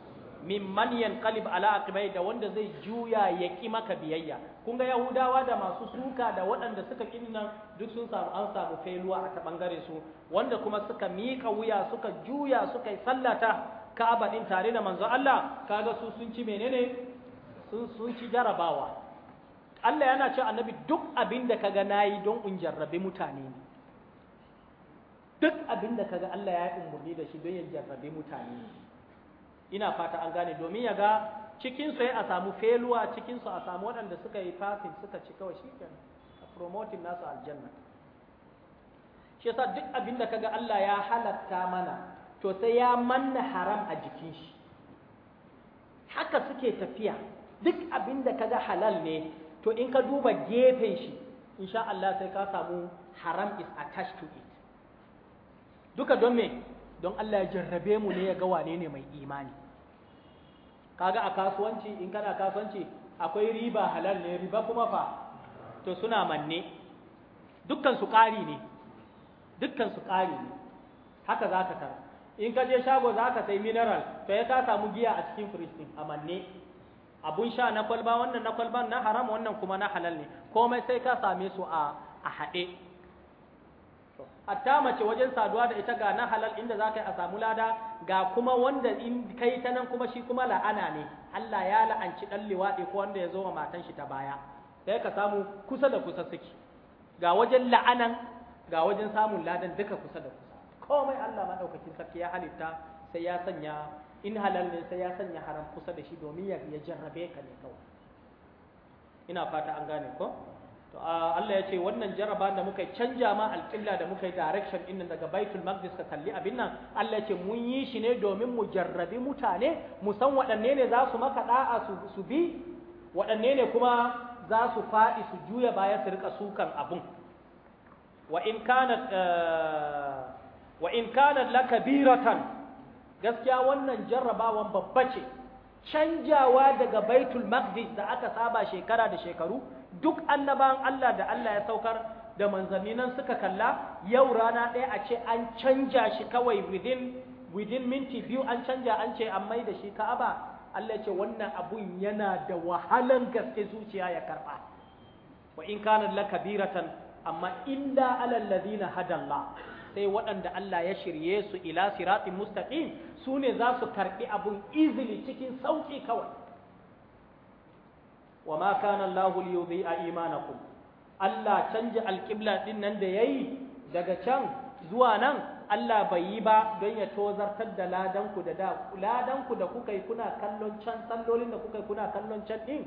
Min man yanqalib ala aqibai da wanda zai juya ya ki maka biyayya kun ga yahudawa da masu suka da waɗanda suka kin nan duk sun samu an samu failuwa a ta bangare su wanda kuma suka mika wuya suka juya suka yi sallata Ka'aba din tare da manzo Allah kaga su sun ci menene sun sun ci jarabawa Allah yana cewa annabi duk abin da kaga nayi don in jarrabe mutane ne duk abin da kaga Allah ya yi umurni da shi don ya jarrabe mutane ne ina fata an gane domin ya ga cikinsu ya a samu feluwa cikinsu a samu waɗanda suka yi fafin suka ci kawai shi ke a promotin nasu aljanna shi yasa duk abin da kaga Allah ya halatta mana to sai ya manna haram a jikin shi haka suke tafiya duk abin da kaga halal ne to in ka duba gefen shi insha Allah sai ka samu haram is attached to it duka don me don Allah ya jarrabe mu ne ya ga wane ne mai imani kaga a kasuwanci in kana kasuwanci akwai riba halal ne riba kuma fa to suna manne dukkan su ƙari ne dukkan su ƙari ne haka za ka tara in ka je shago za ka sai mineral to ya ka samu giya a cikin firistin a manne abun sha na kwalba wannan na kwalban na haram wannan kuma na halal ne komai sai ka same su a haɗe hatta mace wajen saduwa da ita ga na halal inda za ka yi a samu lada ga kuma wanda in kai ta nan kuma shi kuma la'ana ne Allah ya la'anci ɗan liwaɗi ko wanda ya zo wa matan shi ta baya sai ka samu kusa da kusa suke ga wajen la'anan ga wajen samun ladan duka kusa da kusa komai Allah maɗaukakin sarki ya halitta sai ya sanya in halal ne sai ya sanya haram kusa da shi domin ya jarrabe ka ne kawai ina fata an gane ko Allah ya ce wannan jaraba da muka canja ma alƙilla da muka yi direction din nan daga Baitul Maqdis ka kalli abin nan Allah ya ce mun yi shi ne domin mu jarrabi mutane mu san waɗanne ne za su maka da'a su bi waɗanne ne kuma za su faɗi su juya baya su rika sukan abun wa in kanat eh, wa in kanat lakabiratan gaskiya wannan jarrabawan babba ce canjawa daga baitul maqdis da aka saba shekara da shekaru duk annabawan Allah da Allah ya saukar da manzanni nan suka kalla yau rana ɗaya a ce an canja shi kawai within within minti biyu an canja an ce an mai da shi ka'aba Allah ce wannan abun yana da wahalan gaske zuciya ya karba wa in kana lakabiratan amma illa alal ladina hadalla sai waɗanda Allah ya shirye su ila siratin mustaqim su ne za su karɓi abun izini cikin sauƙi kawai wa ma kana Allahu a imanakum Allah canja alƙibla ɗin nan da yayi daga can zuwa nan Allah bai yi ba don ya tozartar da ladanku da da ladanku da kuka yi kuna kallon can sallolin da kuka yi kuna kallon can ɗin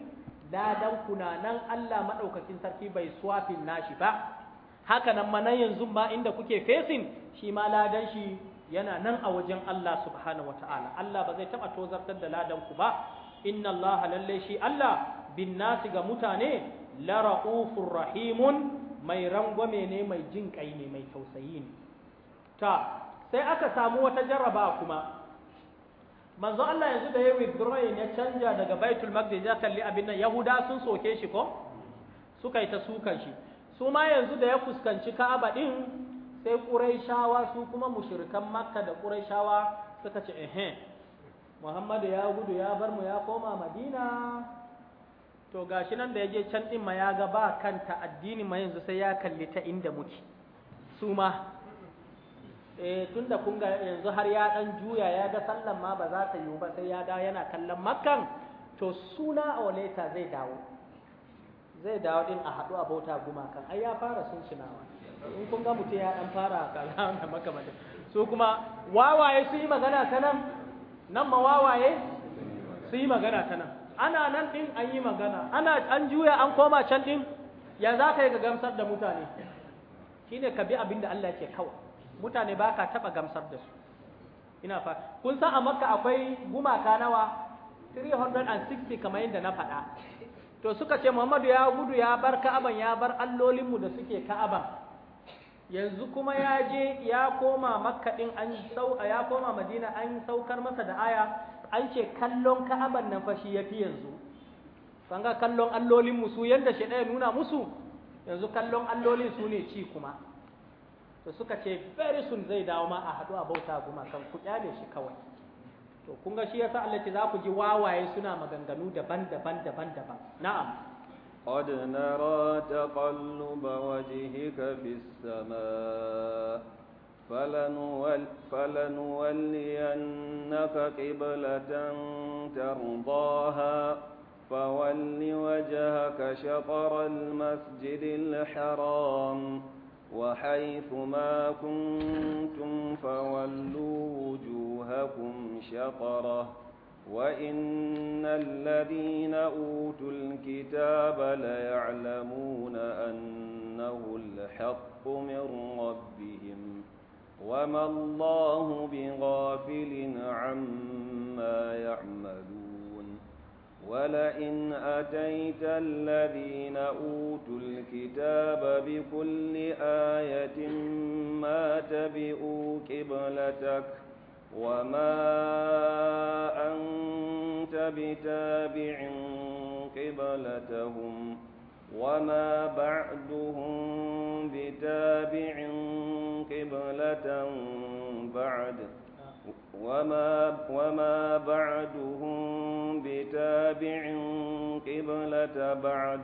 ladanku na nan Allah maɗaukakin sarki bai swafin nashi ba haka nan ma nan yanzu ma inda kuke fesin shi ma ladan shi yana nan a wajen Allah subhanahu wata'ala Allah ba zai taɓa tozartar da ladan ku ba inna Allah lalle shi Allah bin nasi ga mutane la ra'ufur rahimun mai rangwame ne mai jin kai ne mai tausayi ne ta sai aka samu wata jarraba kuma manzo Allah yanzu da ya withdrawing ya canja daga Baitul Maqdis ya kalli abin nan Yahuda sun soke shi ko suka yi ta sukan shi su ma yanzu da ya fuskanci Ka'aba din sai ƙuraishawa su kuma mushirikan makka da ƙuraishawa suka ce ehe muhammadu ya gudu ya bar mu ya koma madina to gashi nan da ya je can ɗin ma ya ga ba kanta addini ma yanzu sai ya kalli ta inda muke su ma eh tunda kun ga yanzu har ya ɗan juya ya ga sallan ma ba za ta yiwu ba sai ya ga yana kallon makkan to suna a zai dawo zai dawo ɗin a haɗu a bauta gumakan ai ya fara sun shinawa in kun ga mutum ya dan fara kaza da (laughs) makamata su kuma wawaye su yi magana ta nan nan ma wawaye su yi magana ta nan ana nan din an yi magana ana an juya an koma can din ya za ka yi ga gamsar da mutane shine ka bi abin da Allah ke kawai mutane ba ka taɓa gamsar da su ina fa kun san a makka akwai gumaka nawa 360 kamar yadda na faɗa to suka ce muhammadu ya gudu ya bar ka'aban ya bar allolinmu da suke ka'aban yanzu kuma ya je ya koma makka din an sau ya koma madina an saukar masa da aya an ce kallon ka'aban nan fa shi yafi yanzu san ga kallon allolin musu yanda shi ɗaya nuna musu yanzu kallon allolin su ne ci kuma to suka ce very soon zai dawo ma a haɗu a bauta kan ku kyale shi kawai to kun ga shi yasa Allah ce za ku ji wawaye suna maganganu daban-daban daban-daban na'am قد نرى تقلب وجهك في السماء فلنول فلنولينك قبلة ترضاها فول وجهك شطر المسجد الحرام وحيث ما كنتم فولوا وجوهكم شطره وإن الذين أوتوا الكتاب ليعلمون أنه الحق من ربهم وما الله بغافل عما يعملون ولئن أتيت الذين أوتوا الكتاب بكل آية ما تبئوا قبلتك ۖ وما أنت بتابع قبلتهم وما بعدهم بتابع قبلة بعد وما وما بعدهم بتابع قبلة بعد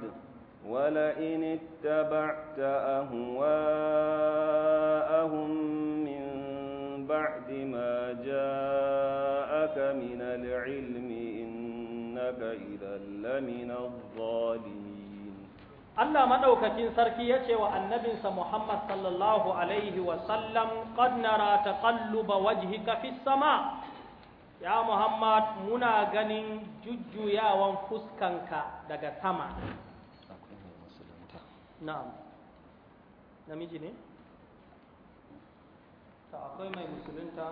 ولئن اتبعت أهواءهم بعد ما جاءك من العلم إنك إذا لمن الظالمين الله مدوكتين سركي يتوى النبي محمد صلى الله عليه وسلم قد نرى تقلب وجهك في السماء يا محمد منا غنين ججو يا وانفسكنك دقا سما نعم نميجي نعم ta akwai mai musulunta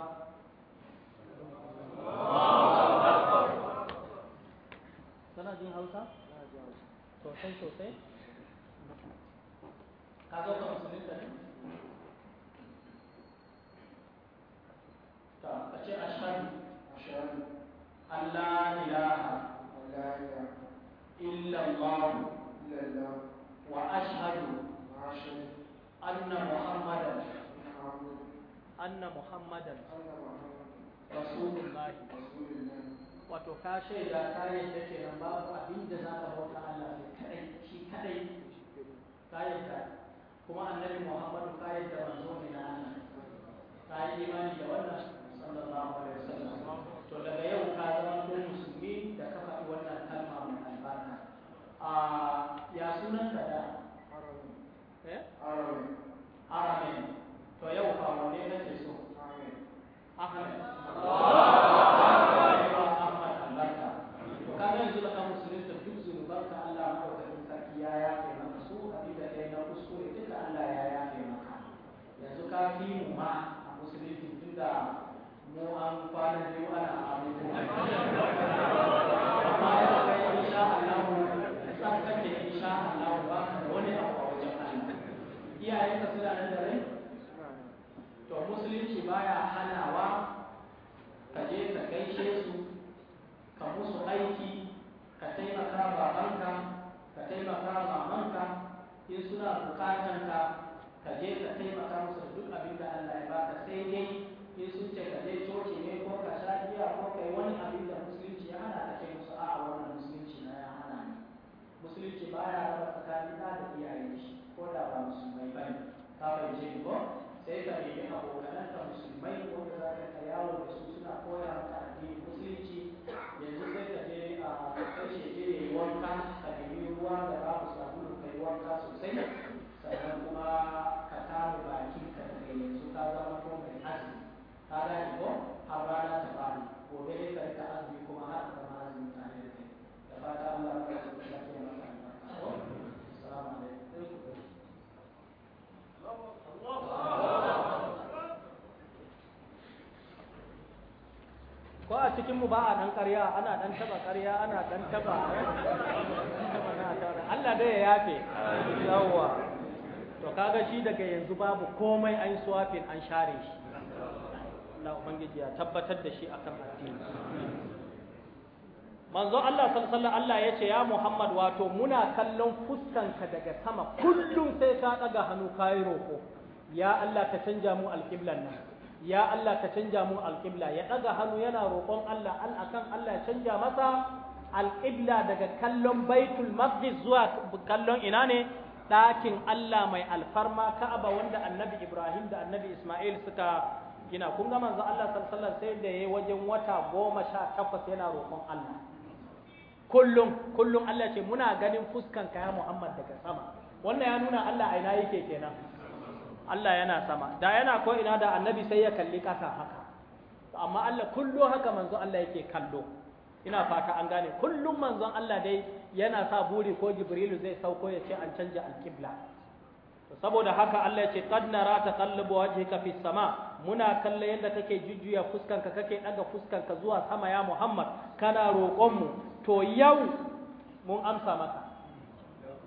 kana jin hausa? sosai sosai ka zo ka musulunta ne? ta a ce ashadu Allah ilaha إلا الله وأشهد أن محمدا anna muhammadan rasulullahi wato ka shaida ka yadda ke nan babu abin da za ka bauta Allah ne kadai shi kadai ka yadda kuma annabi muhammadu ka yadda manzo ne na Allah ka yi imani da wannan sallallahu alaihi wasallam to daga yau ka zama ko musulmi da ka faɗi wannan kalma mai albarka a ya sunan ka da eh aramin aramin 对，要好，号晚练结束。阿妹，阿妹。cikinmu ba a nan ƙarya ana ɗan taɓa ƙarya ana ɗan taɓa Allah dai ya yafe yawwa to kaga shi daga yanzu babu komai an swafin an share shi Allah ubangiji ya tabbatar da shi akan addini manzo Allah sallallahu Allah ya ce ya Muhammad wato muna kallon fuskanka daga sama kullum sai ka ɗaga hannu kayi roko ya Allah ka canja mu alƙiblan nan ya Allah ka canja mu alƙibla ya ɗaga hannu yana roƙon Allah an akan Allah ya canja masa alƙibla daga kallon baitul maqdis zuwa kallon ina ne ɗakin Allah mai alfarma ka'aba wanda annabi Ibrahim da annabi Ismail suka gina kun ga manzo Allah sallallahu alaihi sai da yayi wajen wata goma sha takwas yana roƙon Allah kullum kullum Allah ce muna ganin fuskan ka ya Muhammad daga sama wannan ya nuna Allah aina yake kenan Allah yana sama da yana ko ina da annabi sai ya kalli kasa haka amma Allah kullu haka manzon Allah yake kallo ina fata an gane kullum manzon Allah dai yana sa buri ko Jibrilu zai sauko ya ce an canja alkibla saboda haka Allah ya ce qad nara taqallabu wajhika fis sama muna kalle yadda kake jujjuya fuskanka kake daga fuskanka zuwa sama ya Muhammad kana roƙon mu to yau mun amsa maka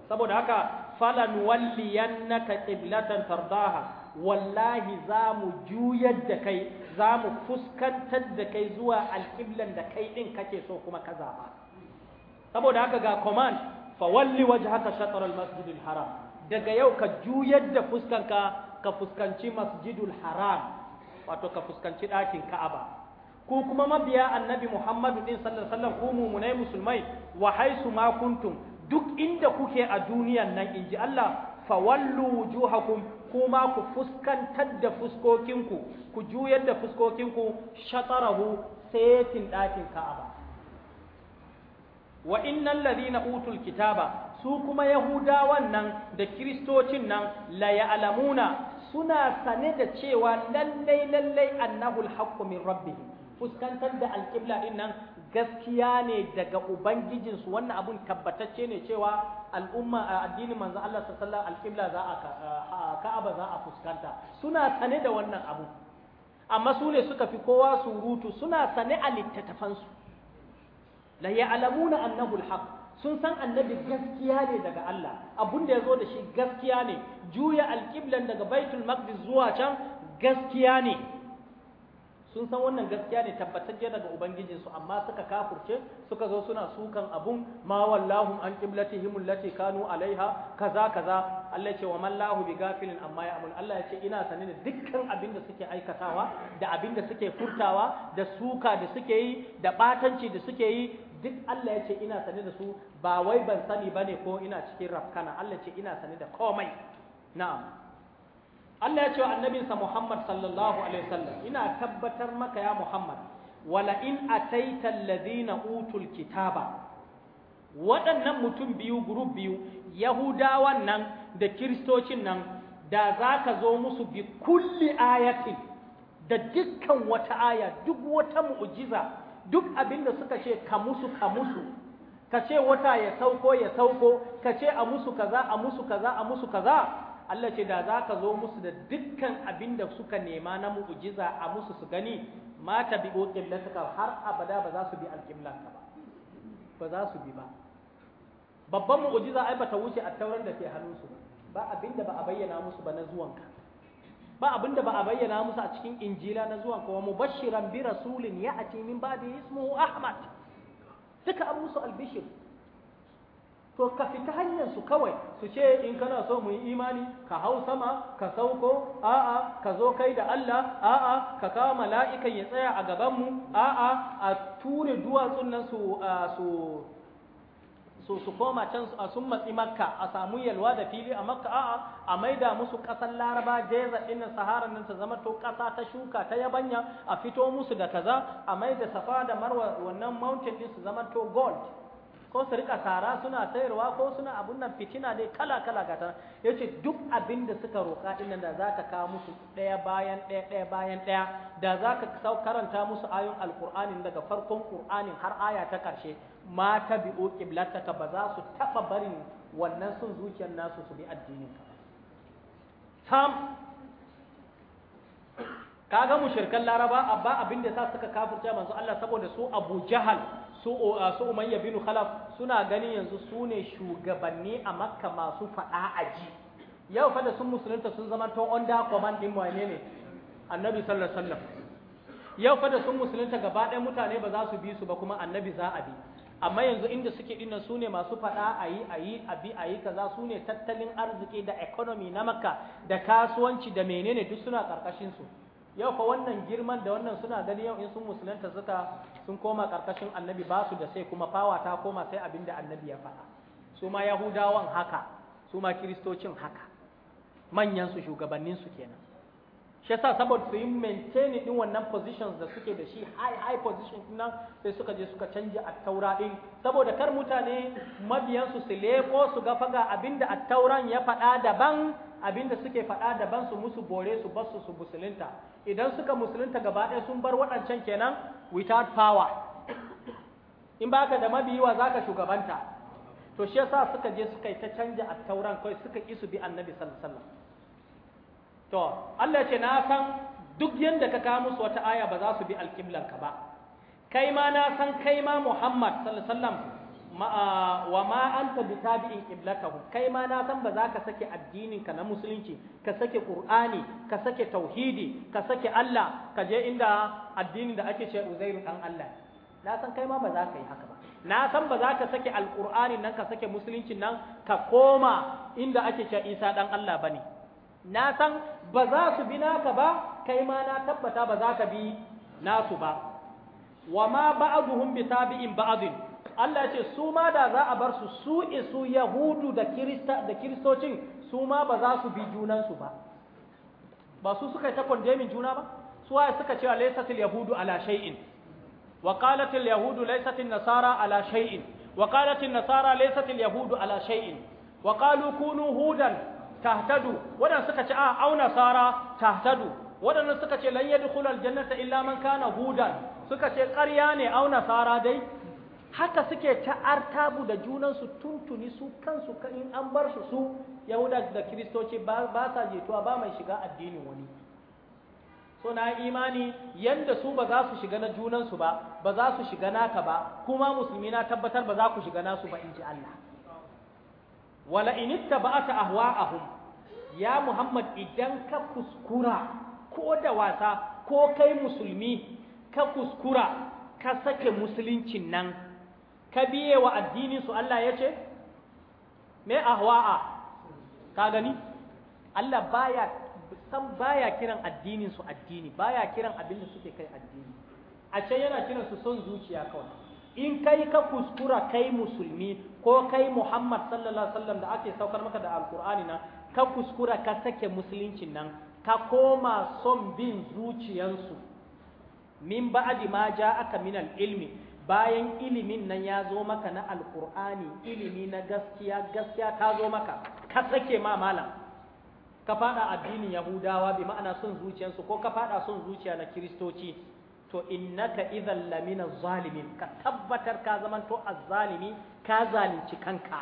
saboda haka falan walliyannaka qiblatan fardaha wallahi za mu juyar da kai za mu fuskantar da kai zuwa alƙiblan da kai ɗin kake so kuma ka zaɓa saboda haka ga command fa walli waje haka al-masjid haram daga yau ka juyar da fuskanka ka fuskanci masjidul haram wato ka fuskanci ɗakin ka'aba ku kuma mabiya annabi muhammadu din sallallahu alaihi wasallam ku mumunai musulmai wa haisu ma kuntum duk inda kuke a duniyan nan in ji Allah fawallu wujuhakum kuma ku fuskantar da fuskokinku ku juyar da fuskokinku shatarahu setin ɗakin ka'aba wa innal ladina utul kitaba su kuma yahudawan nan da kiristocin nan la ya'lamuna suna sane da cewa lallai lallai annahu alhaqqu min rabbihim fuskantar da alqibla din nan gaskiya ne daga ubangijinsu wannan abun tabbatacce ne cewa al'umma a addinin manzo Allah sallallahu alƙibla za a ka'aba za a fuskanta suna sane da wannan abu amma su ne suka fi kowa surutu suna sane a littattafansu la ya'lamuna na annabul sun san annabi gaskiya ne daga Allah abun da ya zo da shi gaskiya ne juya alƙiblan daga baitul maqdis zuwa can gaskiya ne sun san wannan gaskiya ne tabbatacce daga ubangijinsu amma suka kafurce suka zo suna sukan abun ma wallahum an qiblatihim allati kanu alaiha kaza kaza Allah ya ce wa mallahu bi gafilin amma ya amul Allah ya ce ina sanin da dukkan abin da suke aikatawa da abin da suke furtawa da suka da suke yi da batanci da suke yi duk Allah ya ce ina sane da su ba wai ban sani bane ko ina cikin rafkana Allah ya ce ina sane da komai na'am Allah ya ce wa annabinsa Muhammad sallallahu alaihi wasallam ina tabbatar maka ya Muhammad wala in a alladhina utul kitaba waɗannan mutum biyu group biyu Yahudawan nan da Kiristocin nan da zaka zo musu bi kulli ayatin da dukkan wata aya duk wata mu'jiza duk abinda suka ce ka musu ka musu ka ce wata ya sauko ya sauko ka ce a musu kaza a musu kaza a musu kaza Allah ce da za ka zo musu da dukkan abin da suka nema na mu'ujiza a musu su gani ma ta bi ƙiblatuka har abada ba za su bi alƙiblanka ba ba za su bi ba babban mu'ujiza ai ba ta wuce a tauran da ke hannun su. ba abin da ba a bayyana musu ba na zuwanka ba abin da ba a bayyana musu a cikin injila na zuwanka wa mubashiran bi rasulin ya'ti min ba'di ismuhu ahmad duka an musu albishir to ka fita hanyar su kawai su ce in kana so mu yi imani ka hau sama ka sauko a'a ka zo kai da Allah a'a ka kawo mala'ika ya tsaya a gaban mu a'a a ture duwatsun nan su su so su koma can a sun matsi makka a samu yalwa da fili a makka a'a a maida musu ƙasar laraba jeza ɗin sahara nan ta zama to ƙasa ta shuka ta yabanya a fito musu da kaza a maida safa da marwa wannan mountain ɗin su zama to gold ko su rika tara suna sayarwa ko suna abun nan fitina dai kala kala ga ta yace duk abin da suka roka din nan da zaka kawo musu daya bayan daya daya bayan daya da zaka sau karanta musu ayoyin alqur'anin daga farkon qur'anin har aya ta karshe ma tabi'u qiblataka ba za su taba barin wannan sun zuciyar nasu su bi addinin ka tam kaga mushrikan laraba abba abin da sa suka kafirce manzo Allah saboda su Abu Jahal Uh, su umayya bin khalaf suna ganin yanzu su ne shugabanni a makka masu faɗa a ji yau fa da sun musulunta sun zama to under command din wane ne annabi sallallahu alaihi yau fa da sun musulunta gaba ɗaya mutane ba za su bi su ba kuma annabi za a bi amma yanzu inda suke dinnan su ne masu faɗa a yi a yi a bi a yi kaza su ne tattalin arziki da economy na makka da kasuwanci da menene duk suna ƙarƙashinsu? su yau fa wannan girman da wannan suna gani yau in sun musulunta suka sun koma karkashin annabi ba su da sai kuma fawa ta koma sai abin da annabi ya faɗa su ma yahudawan haka su ma kiristocin haka manyan su shugabannin su kenan shi yasa saboda su yi maintaining din wannan positions da suke da shi high high position nan sai suka je suka canja attaura din saboda kar mutane mabiyan su su leko su ga faga abinda attauran ya faɗa daban abinda suke faɗa ban su musu bore su basu su su musulunta idan suka musulunta gaba ɗaya sun bar waɗancan kenan without power in ka da mabiyiwa ka shugabanta to shi yasa suka je suka yi ta canja attauran kai suka ki su bi annabi sallallahu alaihi wasallam to Allah ce na san duk yanda ka kawo musu wata aya ba za su bi ka ba kai ma na san kai ma Muhammad sallallahu alaihi wasallam wa ma anta bitabi'in qiblatahu kai ma na san ba za ka sake addinin ka na musulunci ka sake qur'ani ka sake tauhidi ka sake Allah ka je inda addinin da ake ce uzairu dan Allah na san kai ma ba za ka yi haka ba na san ba za ka sake alqur'ani nan ka sake musulunci nan ka koma inda ake ce Isa dan Allah ba ne. na san ba za su bi naka ba kai ma na tabbata ba za ka bi nasu ba wa ma ba'aduhum bitabi'in ba'adin Allah ce su ma da za a bar su su isu Yahudu da Kirista da Kiristocin su ma ba za su bi junansu ba ba su suka yi ta kondemin juna ba su waye suka ce laysatil yahudu ala shay'in wa qalatil yahudu laysatil nasara ala shay'in wa qalatil nasara laysatil yahudu ala shay'in wa qalu kunu hudan tahtadu wadan suka ce a ah, au nasara tahtadu wadan suka ce lan yadkhulul jannata illa man kana hudan suka ce ƙarya ne au nasara dai haka suke ta'artabu da junansu tuntuni su kansu in an bar su su yahuda da kiristoci ba sa jituwa ba mai shiga addinin wani so na imani yanda su ba za su shiga na junansu ba ba za su shiga naka ba kuma musulmi na tabbatar ba za ku shiga nasu ba in ji Allah wala in ittaba'ata ahwa'ahum ya Muhammad idan ka kuskura ko da wasa ko kai musulmi ka kuskura ka sake musulincin nan ka biye wa addinin su Allah ya ce me ahwa'a ka gani Allah baya san baya kiran addinin su addini baya kiran abin da suke kai addini a can yana kiran su son zuciya kawai in kai ka kuskura kai musulmi ko kai Muhammad sallallahu alaihi wasallam da ake saukar maka da alkur'ani na ka kuskura ka sake musuluncin nan ka koma son bin zuciyansu min ba'di ma ja'aka minal ilmi bayan ilimin nan ya zo maka na alkur'ani ilimi na gaskiya gaskiya ta zo maka ka sake ma malam ka fada addinin yahudawa bi ma'ana sun zuciyarsu ko ka fada sun zuciya na kiristoci to innaka idhal lamina zalimin ka tabbatar ka zaman azzalimi ka zalunci kanka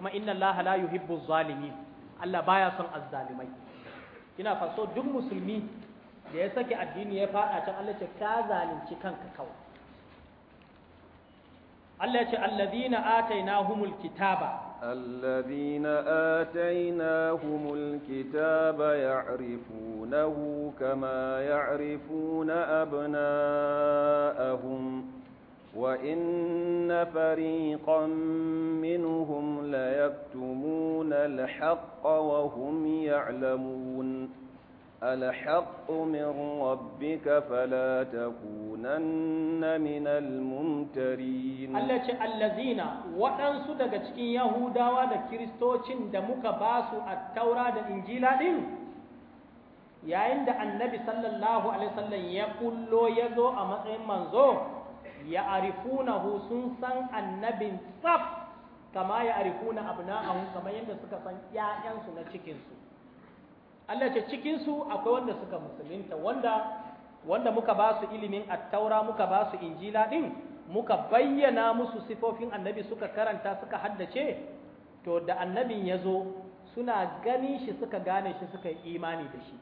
kuma inna allaha la yuhibbu zalimin Allah baya son azzalimai ina faso duk musulmi da ya sake addini ya fada can Allah ce ka zalunci kanka kawai Allah ya ce allazina atainahumul kitaba الذين آتيناهم الكتاب يعرفونه كما يعرفون أبناءهم وإن فريقا منهم ليكتمون الحق وهم يعلمون الحق من ربك فلا تكونن من الممترين التي الذين وان سدغ cikin yahudawa da Kiristocin da muka basu su attaura da injila din yayin da annabi sallallahu alaihi wasallam ya kullo yazo a matsayin manzo ya arifunahu sun san annabin tsaf kama ya arifuna abna'ahum kamar yadda suka san 'ya'yansu na cikinsu. Allah ce cikinsu akwai wanda suka musulunta wanda wanda muka ba su ilimin attaura muka ba su injila din muka bayyana musu sifofin annabi suka karanta suka haddace to da annabin ya zo suna gani shi suka gane shi suka yi imani da shi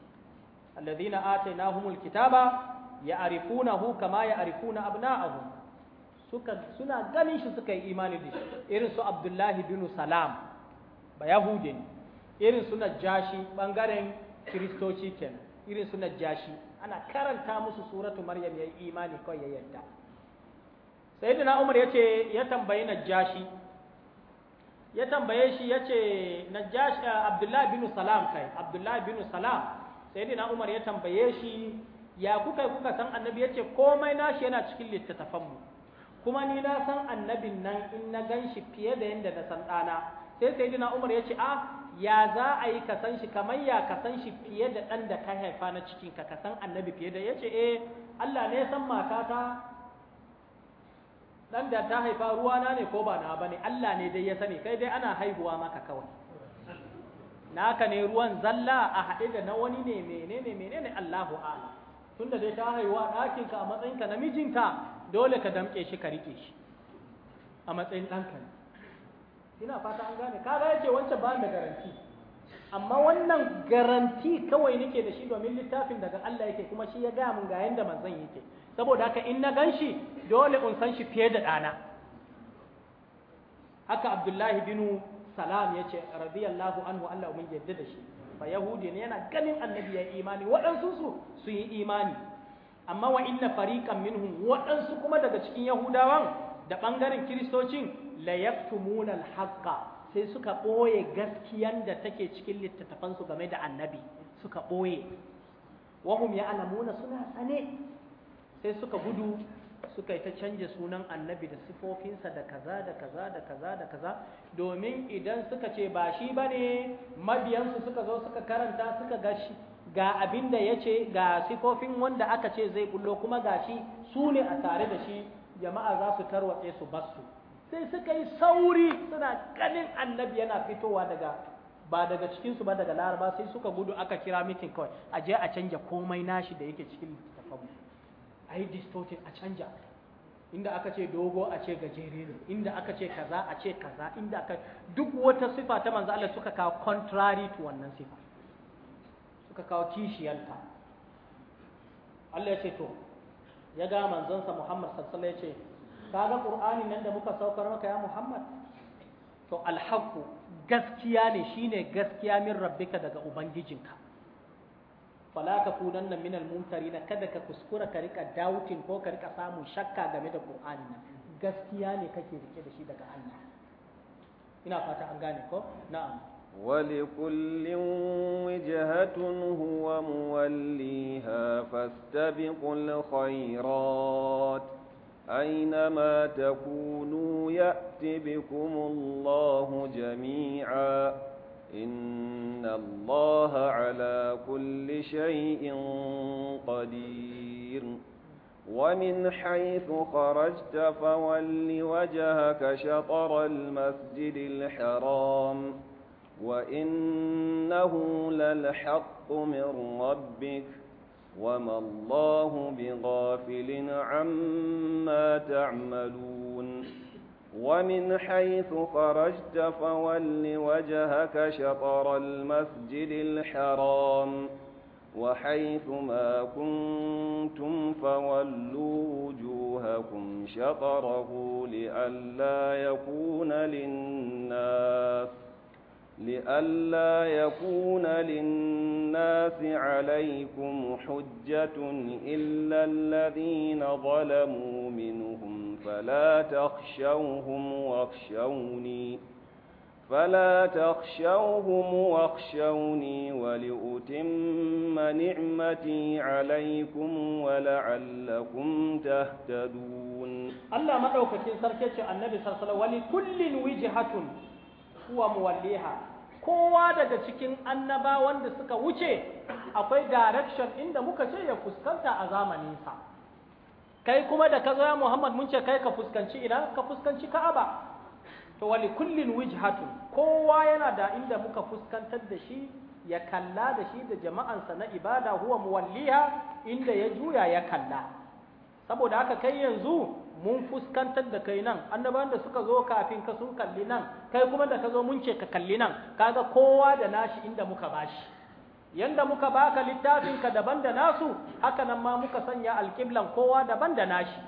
allazina atainahumul kitaba ya'rifunahu kama ya'rifuna abna'ahum suka suna gani shi suka yi imani da shi irin su abdullahi bin salam ba yahudi ne irin suna jashi bangaren kiristoci kenan irin suna jashi ana karanta musu suratu maryam yayi imani kawai ya yadda na umar yace ya tambayi najashi ya tambaye shi yace najashi eh, abdullah bin salam kai abdullah bin salam na umar ya tambaye shi ya kuka kuka san annabi yace komai nashi yana cikin littattafanmu mu kuma ni na san annabin nan in na gan shi fiye da yadda na san ɗana sai sai umar ya ce a ah, ya za a yi kasan shi kamar ya kasan shi fiye da ɗan da ka haifa na cikinka ka san annabi fiye da ya ce e Allah ne san matata ɗan da ta haifa ruwana ne ko ba na ba ne Allah ne dai ya sani kai dai ana haihuwa maka kawai naka ne ruwan zalla a haɗe da na wani ne menene menene Allahu tunda dai ta haihuwa ɗakinka a matsayinka namijinta, dole ka damƙe shi ka riƙe shi a matsayin ɗanka ne ina fata an gane kaga yace wancan ba da garanti amma wannan garanti kawai nake da shi domin littafin daga Allah yake kuma shi ya gaya mun ga yanda manzon yake saboda haka in na ganshi dole in san shi fiye da ɗana haka Abdullahi bin Salam yace radiyallahu anhu Allah mun yadda da shi fa yahudi ne yana ganin annabi ya imani waɗansu su su yi imani amma wa inna fariqan minhum waɗansu kuma daga cikin yahudawan da bangaren kiristocin la yaktumuna al-haqqa sai suka boye gaskiyan da take cikin littattafan su game da annabi suka boye wa hum ya'lamuna suna sane sai suka gudu suka yi ta canja sunan annabi da sifofinsa da kaza da kaza da kaza da kaza domin idan suka ce ba shi bane ne mabiyansu suka zo suka karanta suka ga shi ga abin da ya ce ga sifofin wanda aka ce zai bullo kuma ga shi su ne a tare da shi jama'a za su tarwatse su basu sai suka yi sauri suna ganin annabi yana fitowa daga ba daga cikinsu ba daga laraba sai suka gudu aka kira mitin kawai a je a canja komai nashi da yake cikin littattafan a yi distorted a canja inda aka ce dogo a ce gajere ne inda aka ce kaza a ce kaza inda aka duk wata sifa ta manzo Allah suka kawo contrary to wannan sifa suka kawo kishiyanta Allah ya ce to ya ga sa Muhammad sallallahu alaihi wasallam ya ce kaga qur'ani nan da muka saukar maka ya muhammad to alhaqu gaskiya ne shine gaskiya min rabbika daga ubangijinka fala ka kunan nan almuntari na kada ka kuskura ka rika doubting ko ka rika samu shakka game da qur'ani nan gaskiya ne kake rike da shi daga Allah ina fata an gane ko na'am ولكل وجهة هو موليها فاستبقوا الخيرات أينما تكونوا يأت بكم الله جميعا إن الله على كل شيء قدير ومن حيث خرجت فول وجهك شطر المسجد الحرام وإنه للحق من ربك وما الله بغافل عما تعملون ومن حيث خرجت فول وجهك شطر المسجد الحرام وحيث ما كنتم فولوا وجوهكم شطره لئلا يكون للناس لئلا يكون للناس عليكم حجة إلا الذين ظلموا منهم فلا تخشوهم واخشوني فلا تخشوهم واخشوني ولأتم نعمتي عليكم ولعلكم تهتدون الله مدعوك كي سركتش النبي صلى الله عليه وسلم ولكل وجهة huwa muwalliha kowa daga cikin annaba wanda suka wuce akwai direction inda muka ce ya fuskanta a zamaninsa kai kuma da ka zoya Muhammad mun ce kai ka fuskanci ina ka fuskanci Ka'aba to wali kullin wijhatu kowa yana da inda muka fuskantar da shi ya kalla da shi da jama'ansa na ibada huwa muwalliha inda ya juya ya kalla saboda haka kai yanzu mun fuskantar da kai nan annabawan da suka zo kafin ka sun kalli nan kai kuma da ka zo mun ce ka kalli nan kaga kowa da nashi inda muka bashi yanda muka baka littafin ka daban da nasu haka nan ma muka sanya alkiblan kowa daban da nashi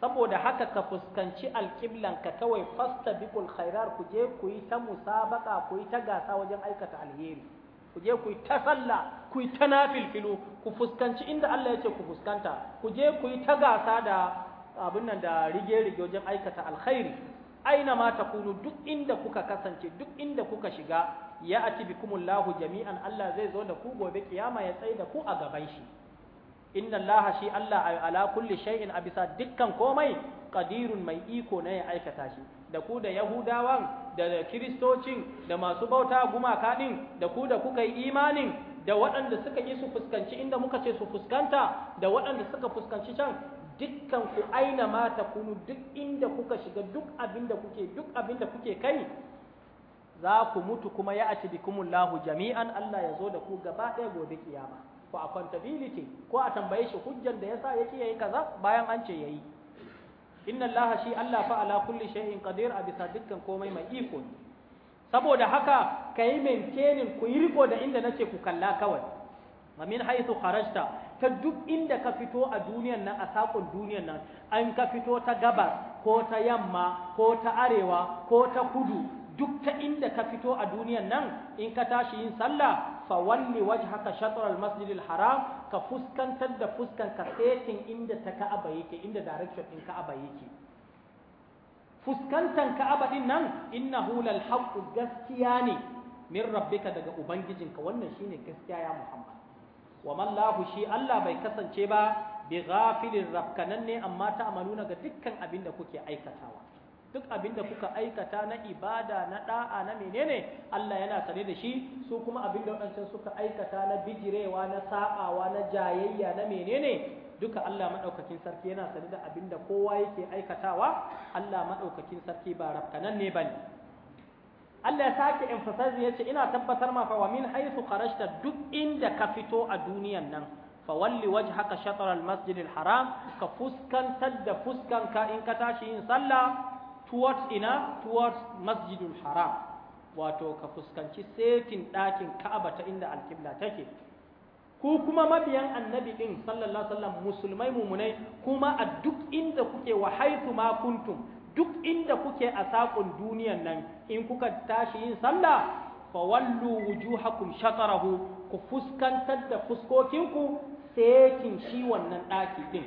saboda haka ka fuskanci alƙiblan ka kawai fasta bikul khairar ku je ku yi ta musabaka ku yi ta gasa wajen aikata alheri ku je ku yi ta sallah ku yi ta nafilfilu ku fuskanci inda Allah ya ku fuskanta ku je ku yi ta gasa da abin nan da rige-rige wajen aikata alkhairi aina ma ta kunu duk inda kuka kasance duk inda kuka shiga ya ati bikumullahu jami'an Allah zai zo da ku gobe kiyama ya tsai da ku a gaban shi inna Allah shi Allah ala kulli shay'in a bisa dukkan komai qadirun mai iko ne ya aikata shi da ku da yahudawan da kiristocin da masu bauta gumaka din da ku da kuka yi imanin da waɗanda suka yi su fuskanci inda muka ce su fuskanta da waɗanda suka fuskanci can dukkan ku aina mata kunu duk inda kuka shiga duk abin da kuke duk abin da kuke kai za ku mutu kuma ya ati bikumullahu jami'an Allah ya zo da ku gaba ɗaya gobe kiyama ko accountability ko a tambaye shi hujjan da yasa yake yayi kaza bayan an ce yayi inna Allah shi Allah fa ala kulli shay'in qadir a bisa dukkan komai mai iko saboda haka kai maintaining ku yi riko da inda nace ku kalla kawai wa min haythu kharajta ta duk inda ka fito a duniyan nan a sakon duniyan nan an ka fito ta gabar ko ta yamma ko ta arewa ko ta kudu duk ta inda ka fito a duniyan nan in ka tashi yin sallah fa walli wajhaka shatr al masjid al haram ka fuskantar da fuskan ka setin inda ta ka'aba yake inda direction din ka'aba yake fuskantan ka'aba din nan innahu lal haqq gaskiya ne min rabbika daga ubangijinka wannan shine gaskiya ya muhammad wa mallahu shi Allah bai kasance ba bi ghafilin rafkanan ne amma ta ga dukkan abin da kuke aikatawa duk abin da kuka aikata na ibada na da'a na menene Allah yana sane da shi su kuma abin da waɗancan suka aikata na bijirewa na sabawa na jayayya na menene duka Allah madaukakin sarki yana sane da abin da kowa yake aikatawa Allah madaukakin sarki ba rafkanan ne bane Allah ya sake emphasize ya ce ina tabbatar ma fa wa min haythu kharajta duk inda ka fito a duniyan nan fa walli wajhaka shatr al masjid al haram ka fuskantar da fuskanka in ka tashi yin sallah towards ina towards masjid al haram wato ka fuskanci setin ɗakin Ka'aba ta inda alkibla take ku kuma mabiyan annabi din sallallahu alaihi wasallam musulmai mumunai kuma a duk inda kuke wa haythu ma kuntum duk inda kuke a saƙon duniyan nan in kuka tashi yin sallah wallu wujuhakum shatarahu ku fuskantar da fuskokinku setin shi wannan ɗaki ɗin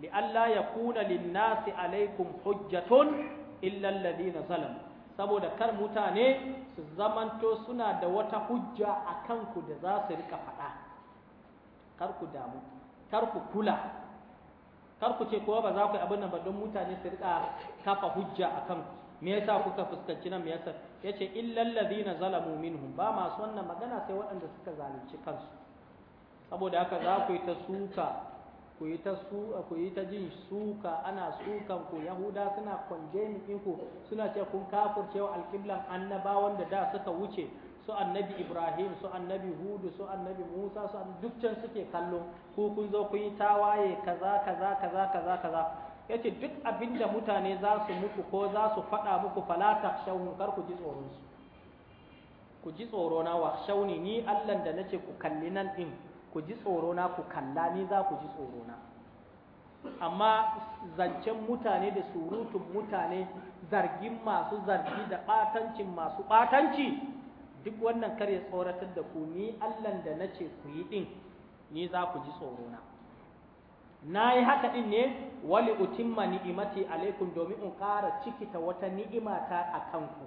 li'alla ya kuna linnasi alaikum hujjatun illa alladhina zalam saboda kar mutane su zamanto suna da wata hujja a kanku da za su rika faɗa kar ku damu kar ku kula kar ku ce kowa ba za ku yi abin nan ba don mutane su rika kafa hujja akan me yasa kuka fuskanci nan me yasa yace illal ladina zalamu minhum ba masu wannan magana sai waɗanda suka zalunci kansu saboda haka za ku yi ta suka ku yi ta su ku yi ta jin suka ana sukan ku yahuda suna kwanje ku suna ce kun kafircewa alƙiblan annabawan da da suka wuce su annabi ibrahim su annabi hudu su annabi musa su duk can suke kallo ko kun zo kun yi tawaye kaza kaza kaza kaza kaza yace duk abinda mutane za su muku ko za su faɗa muku fala takshawun kar ku ji tsoron ku ji tsoro na wa shauni ni Allah da nace ku kalli nan din ku ji tsoro na ku kalla ni za ku ji tsoro na amma zancen mutane da surutun mutane zargin masu zargi da ɓatancin masu ɓatanci duk wannan kar ya tsoratar da ku ni Allah da nace ku yi din ni za ku ji tsoro na nayi haka din ne wali utimma ni'imati alaikum domin in ƙara ta wata ni'ima ta a kanku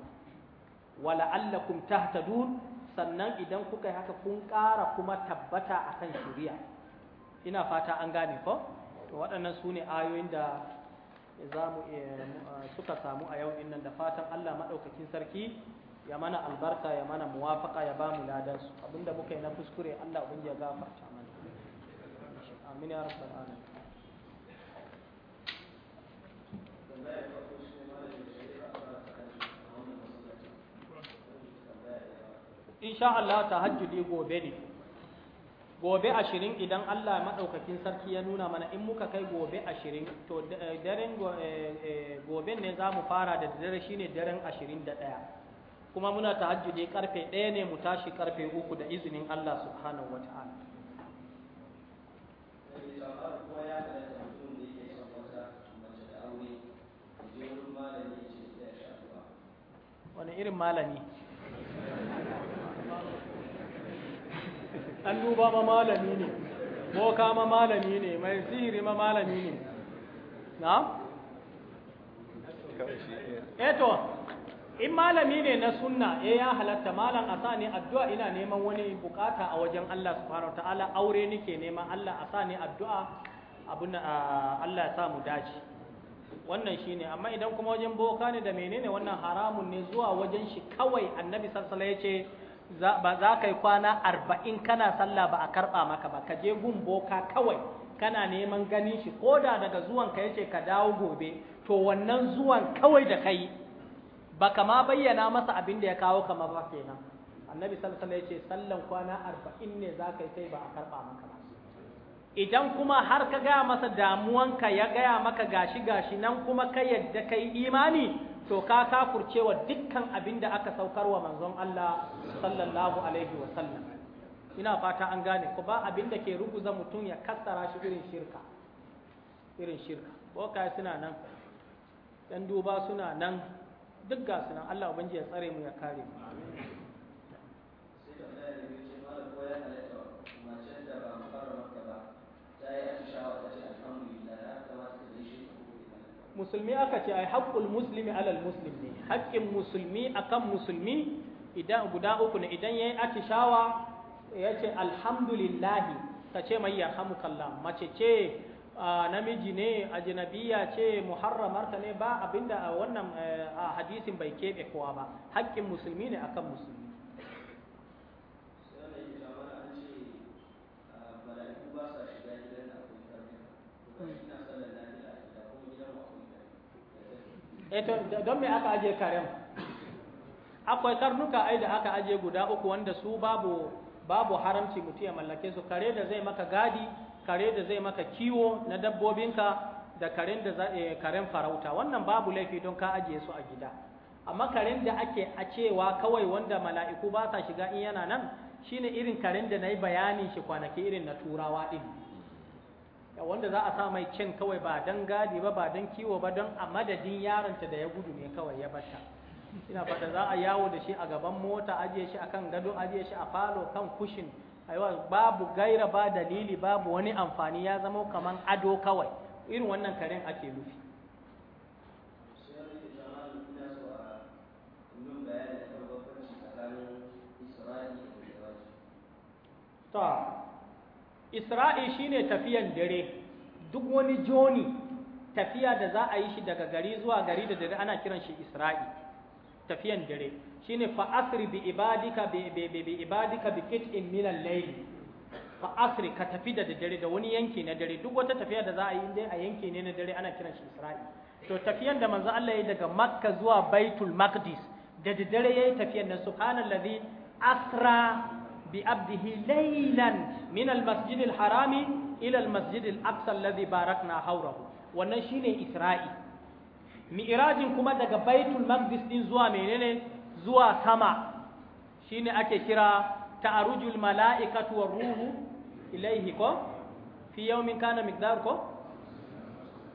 wala allakum tahtadun sannan idan kuka yi haka kun ƙara kuma tabbata akan shari'a ina fata an gane ko to waɗannan su ne ayoyin da za mu eh, eh, suka samu a yau innan da fatan Allah maɗaukakin sarki ya mana albarka ya mana muwafaka ya ba mu ladan su abinda muka yi na kuskure Allah ubin ya gafarta mana amin ya rabbal alamin sha Allah gobe ne gobe ashirin idan Allah maɗaukakin sarki ya nuna mana in muka kai gobe ashirin to eh, daren eh, eh, gobe ne za mu fara da dare shine daren ashirin da ɗaya kuma muna tahajjude karfe ɗaya ne mu tashi karfe uku da izinin Allah subhanahu wa ta'ala wani irin malami an duba ma malami ne boka ma malami ne mai sihiri ma malami ne na? eto eh in malami ne na sunna ya eh, ya halatta malam a sa ni addu'a ina neman wani bukata a wajen Allah subhanahu ta'ala aure nike neman Allah a sa ni addu'a abun ah, Allah ya sa mu dace wannan shine amma idan kuma wajen boka ne da menene wannan haramun ne zuwa wajen shi kawai annabi sallallahu alaihi wasallam yace ba za ka yi kwana arba'in kana sallah ba a karɓa maka ba ka je gun boka kawai kana neman ganin shi ko da daga zuwan ka yace ka dawo gobe to wannan zuwan kawai da kai ba kama bayyana masa abin da ya kawo kama ba kenan annabi sallallahu alaihi ce sallan kwana arba'in ne za yi sai ba a karba maka ba idan kuma har ka gaya masa damuwanka ya gaya maka gashi gashi nan kuma ka yadda kai imani to ka kafurcewa dukkan abin da aka wa manzon Allah sallallahu alaihi wasallam ina fata an gane ko ba abin da ke ruguza mutum ya kassara shi irin shirka irin shirka boka suna nan ɗan duba suna nan duk ga sunan Allah ubangi ya tsare mu ya kare mu musulmi aka ce ai haƙƙul muslimi alal ne haƙƙin musulmi akan musulmi idan guda uku ne idan yayi atishawa ya ce alhamdulillahi ta ce mai yarhamukallah mace ce namiji ne ajnabiya ce muharramarta ne ba abinda a wannan eh, hadisin bai keɓe kowa ba haƙƙin musulmi ne akan musulmi eto eh, don me aka aje karen akwai karnuka ai da aka aje guda uku wanda su babu babu haramci mutum ya mallake su kare da zai maka gadi kare da zai maka kiwo na dabbobinka da karen da eh, karen farauta wannan babu laifi don ka ajiye su a gida amma karen da ake a cewa kawai wanda mala'iku ba sa shiga in yana nan shine irin karen da nayi yi bayanin shi kwanaki irin na turawa din wanda za a sa mai cin kawai ba dan gadi ba ba dan kiwo ba don a madadin yaronta da ya gudu ne kawai ya bata ina fata za a yawo da shi a gaban mota ajiye shi akan gado ajiye shi a falo kan kushin haiwan babu gaira ba dalili babu wani amfani ya zama kaman ado kawai irin wannan karen ake nufi ta isra'i shine tafiyan dare duk wani joni tafiya da za a yi shi daga gari zuwa gari da dare ana kiran shi isra'i tafiyan dare shine fa asri bi ibadika bi bi ibadika bi qit'in min al fa asri ka tafi da dare da wani yanki na dare duk wata tafiya da za a yi indai a yanki ne na dare ana kiran shi Isra'i to tafiyan da manzo Allah ya daga Makka zuwa Baitul Maqdis da dare yayi tafiyan nan subhanallazi asra bi abdihi laylan min al-masjidil harami ila al-masjidil aqsa alladhi barakna hawrahu wannan shine Isra'i mi'irajin kuma daga baitul maqdis din zuwa menene zuwa sama shine ake kira ta'arujul mala'ikatu war ruhu ilayhi ko fi yawmin kana miqdar ko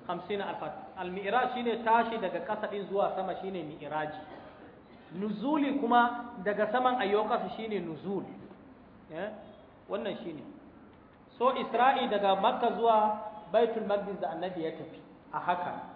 50 alfat al mi'raj shine tashi daga kasa din zuwa sama shine mi'raj nuzuli kuma daga saman ayyuka shine nuzul eh wannan shine so isra'i daga makka zuwa baitul maqdis da annabi ya tafi a haka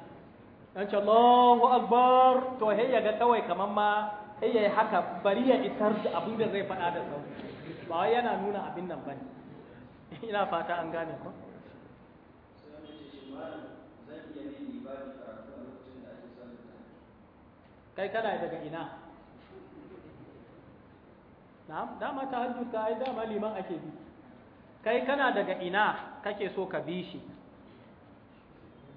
an ce Allahu Akbar to he ya ga kawai kaman ma he ya haka bari ya isar da abin da zai faɗa da sau ba yana nuna abin nan bane (laughs) ina fata an gane ko kai kana daga ina na'am dama ta hajjud ka ai dama liman ake bi kai kana daga ina kake so ka bi shi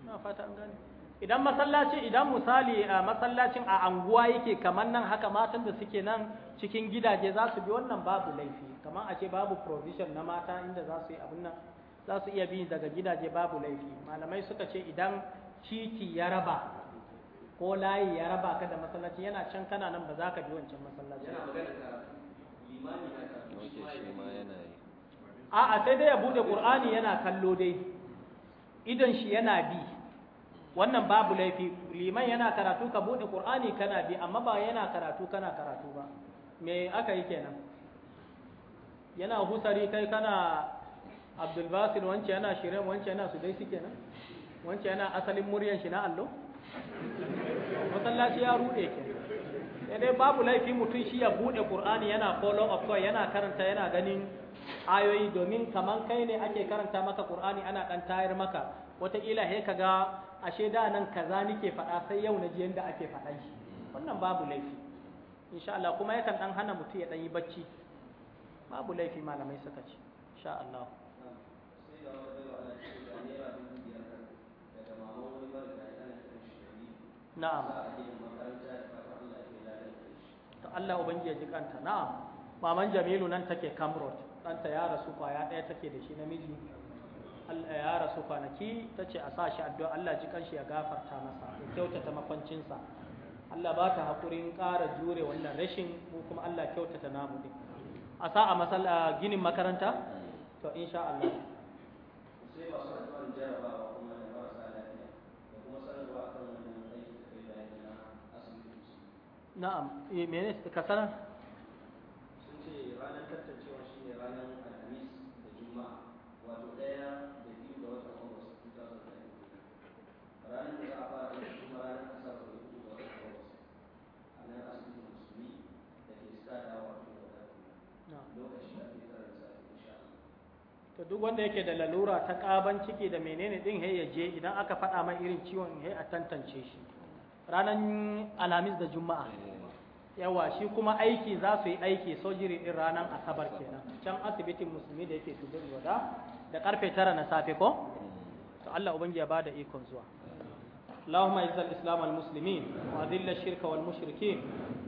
ina fata an gane idan masallaci idan misali masallacin a anguwa yake kamar nan haka matan da suke nan cikin gidaje za su bi wannan babu laifi kamar a ce babu provision na mata inda za su yi abin nan za su iya bi daga gidaje babu laifi malamai suka ce idan titi ya raba ko layi ya raba ka da masallaci yana can kana nan ba za ka bi wancan masallaci a'a sai dai ya bude qur'ani yana kallo dai idan shi yana bi wannan babu laifi liman yana karatu ka bude qur'ani kana bi amma ba yana karatu kana karatu ba me aka yi kenan yana husari kai kana abdulbasir wance yana shirin wance yana su dai suke nan wance yana asalin muryan shi na allo masallaci ya rude ke sai dai babu laifi mutum shi ya bude qur'ani yana follow up kai yana karanta yana ganin ayoyi domin kaman kai ne ake karanta maka qur'ani ana dan tayar maka wataƙila sai ka ga ashe da nan kaza nike faɗa sai yau na ji yadda ake faɗan shi wannan babu laifi insha Allah kuma yakan dan hana mutum ya dan yi bacci babu laifi malamai suka ce insha Allah na'am to Allah ubangi ya ji kanta na'am maman Jamilu nan take Camrod danta ya rasu kwaya ɗaya take da shi namiji ya rasu kwanaki ta ce a sa shi addu'a Allah ji kanshi ya gafarta masa ya kyautata makwancinsa Allah ba ta haƙurin ƙara jure wannan rashin ko kuma Allah kyautata namu din a sa a a ginin makaranta to insha Allah sai masu addu'ar jarabawa kuma da marasa lafiya da kuma sanarwa akan wannan aiki da kai bayan na asibiti na'am eh ka sanar sun ce ranar tantancewa shine ranar alhamis da juma'a wato ɗaya ranar da za a fara yin kuma ranar da sabar da kuma wasu kawai a nan asibitin musulmi da ke sada wa su da lokaci da ke karanta insha to duk wanda yake da lalura ta kaban ciki da menene ɗin he ya je idan aka faɗa mai irin ciwon he a tantance shi ranar alhamis da juma'a yawa shi kuma aiki za su yi aiki sojiri din ranar asabar kenan can asibitin musulmi da yake tudun wada da karfe tara na safe ko to Allah ubangi ya bada ikon zuwa اللهم اعز الاسلام والمسلمين واذل الشرك والمشركين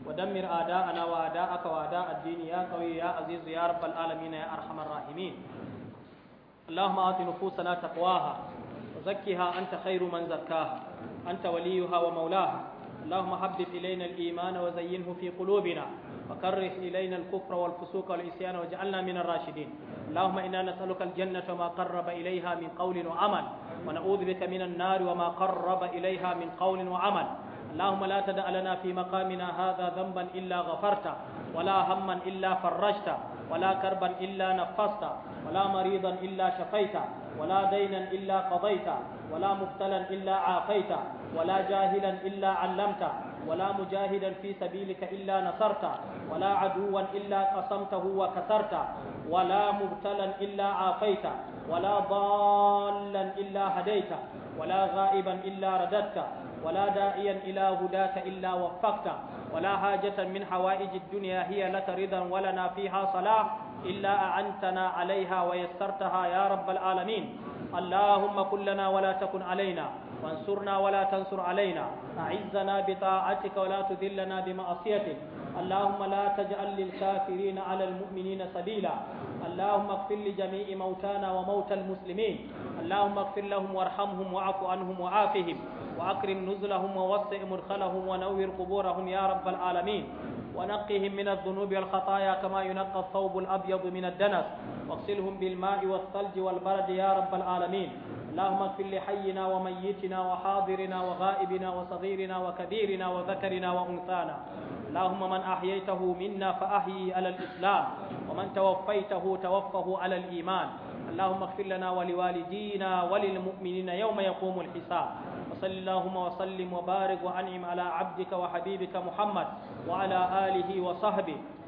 ودمر اعداءنا واعداءك واعداء الدين يا قوي يا عزيز يا رب العالمين يا ارحم الراحمين اللهم اعط نفوسنا تقواها وزكها انت خير من زكاها انت وليها ومولاها اللهم حبب الينا الايمان وزينه في قلوبنا وكره إلينا الكفر والفسوق والعصيان واجعلنا من الراشدين اللهم إنا نسألك الجنة وما قرب إليها من قول وعمل ونعوذ بك من النار وما قرب إليها من قول وعمل اللهم لا تدع لنا في مقامنا هذا ذنبا إلا غفرته ولا هما إلا فرجته ولا كربا إلا نفسته ولا مريضا إلا شفيته ولا دينا إلا قضيته ولا مبتلا إلا عافيته ولا جاهلا إلا علمته ولا مجاهدا في سبيلك إلا نصرته ولا عدوا إلا قصمته وكسرته ولا مبتلا إلا عافيته ولا ضالا إلا هديته ولا غائبا إلا رددته ولا داعيا إلى هداك إلا وفقته ولا حاجة من حوائج الدنيا هي لك رضا ولنا فيها صلاح إلا أعنتنا عليها ويسرتها يا رب العالمين اللهم كن لنا ولا تكن علينا وانصرنا ولا تنصر علينا أعزنا بطاعتك ولا تذلنا بمعصيتك اللهم لا تجعل للكافرين على المؤمنين سبيلا اللهم اغفر لجميع موتانا وموتى المسلمين اللهم اغفر لهم وارحمهم واعف عنهم وعافهم وأكرم نزلهم ووسع مدخلهم ونور قبورهم يا رب العالمين ونقهم من الذنوب والخطايا كما ينقى الثوب الأبيض من الدنس واغسلهم بالماء والثلج والبرد يا رب العالمين اللهم اغفر لحينا وميتنا وحاضرنا وغائبنا وصغيرنا وكبيرنا وذكرنا وأنثانا اللهم من أحييته منا فأحيي على الإسلام ومن توفيته توفه على الإيمان اللهم اغفر لنا ولوالدينا وللمؤمنين يوم يقوم الحساب وصل اللهم وسلم وبارك وأنعم على عبدك وحبيبك محمد وعلى آله وصحبه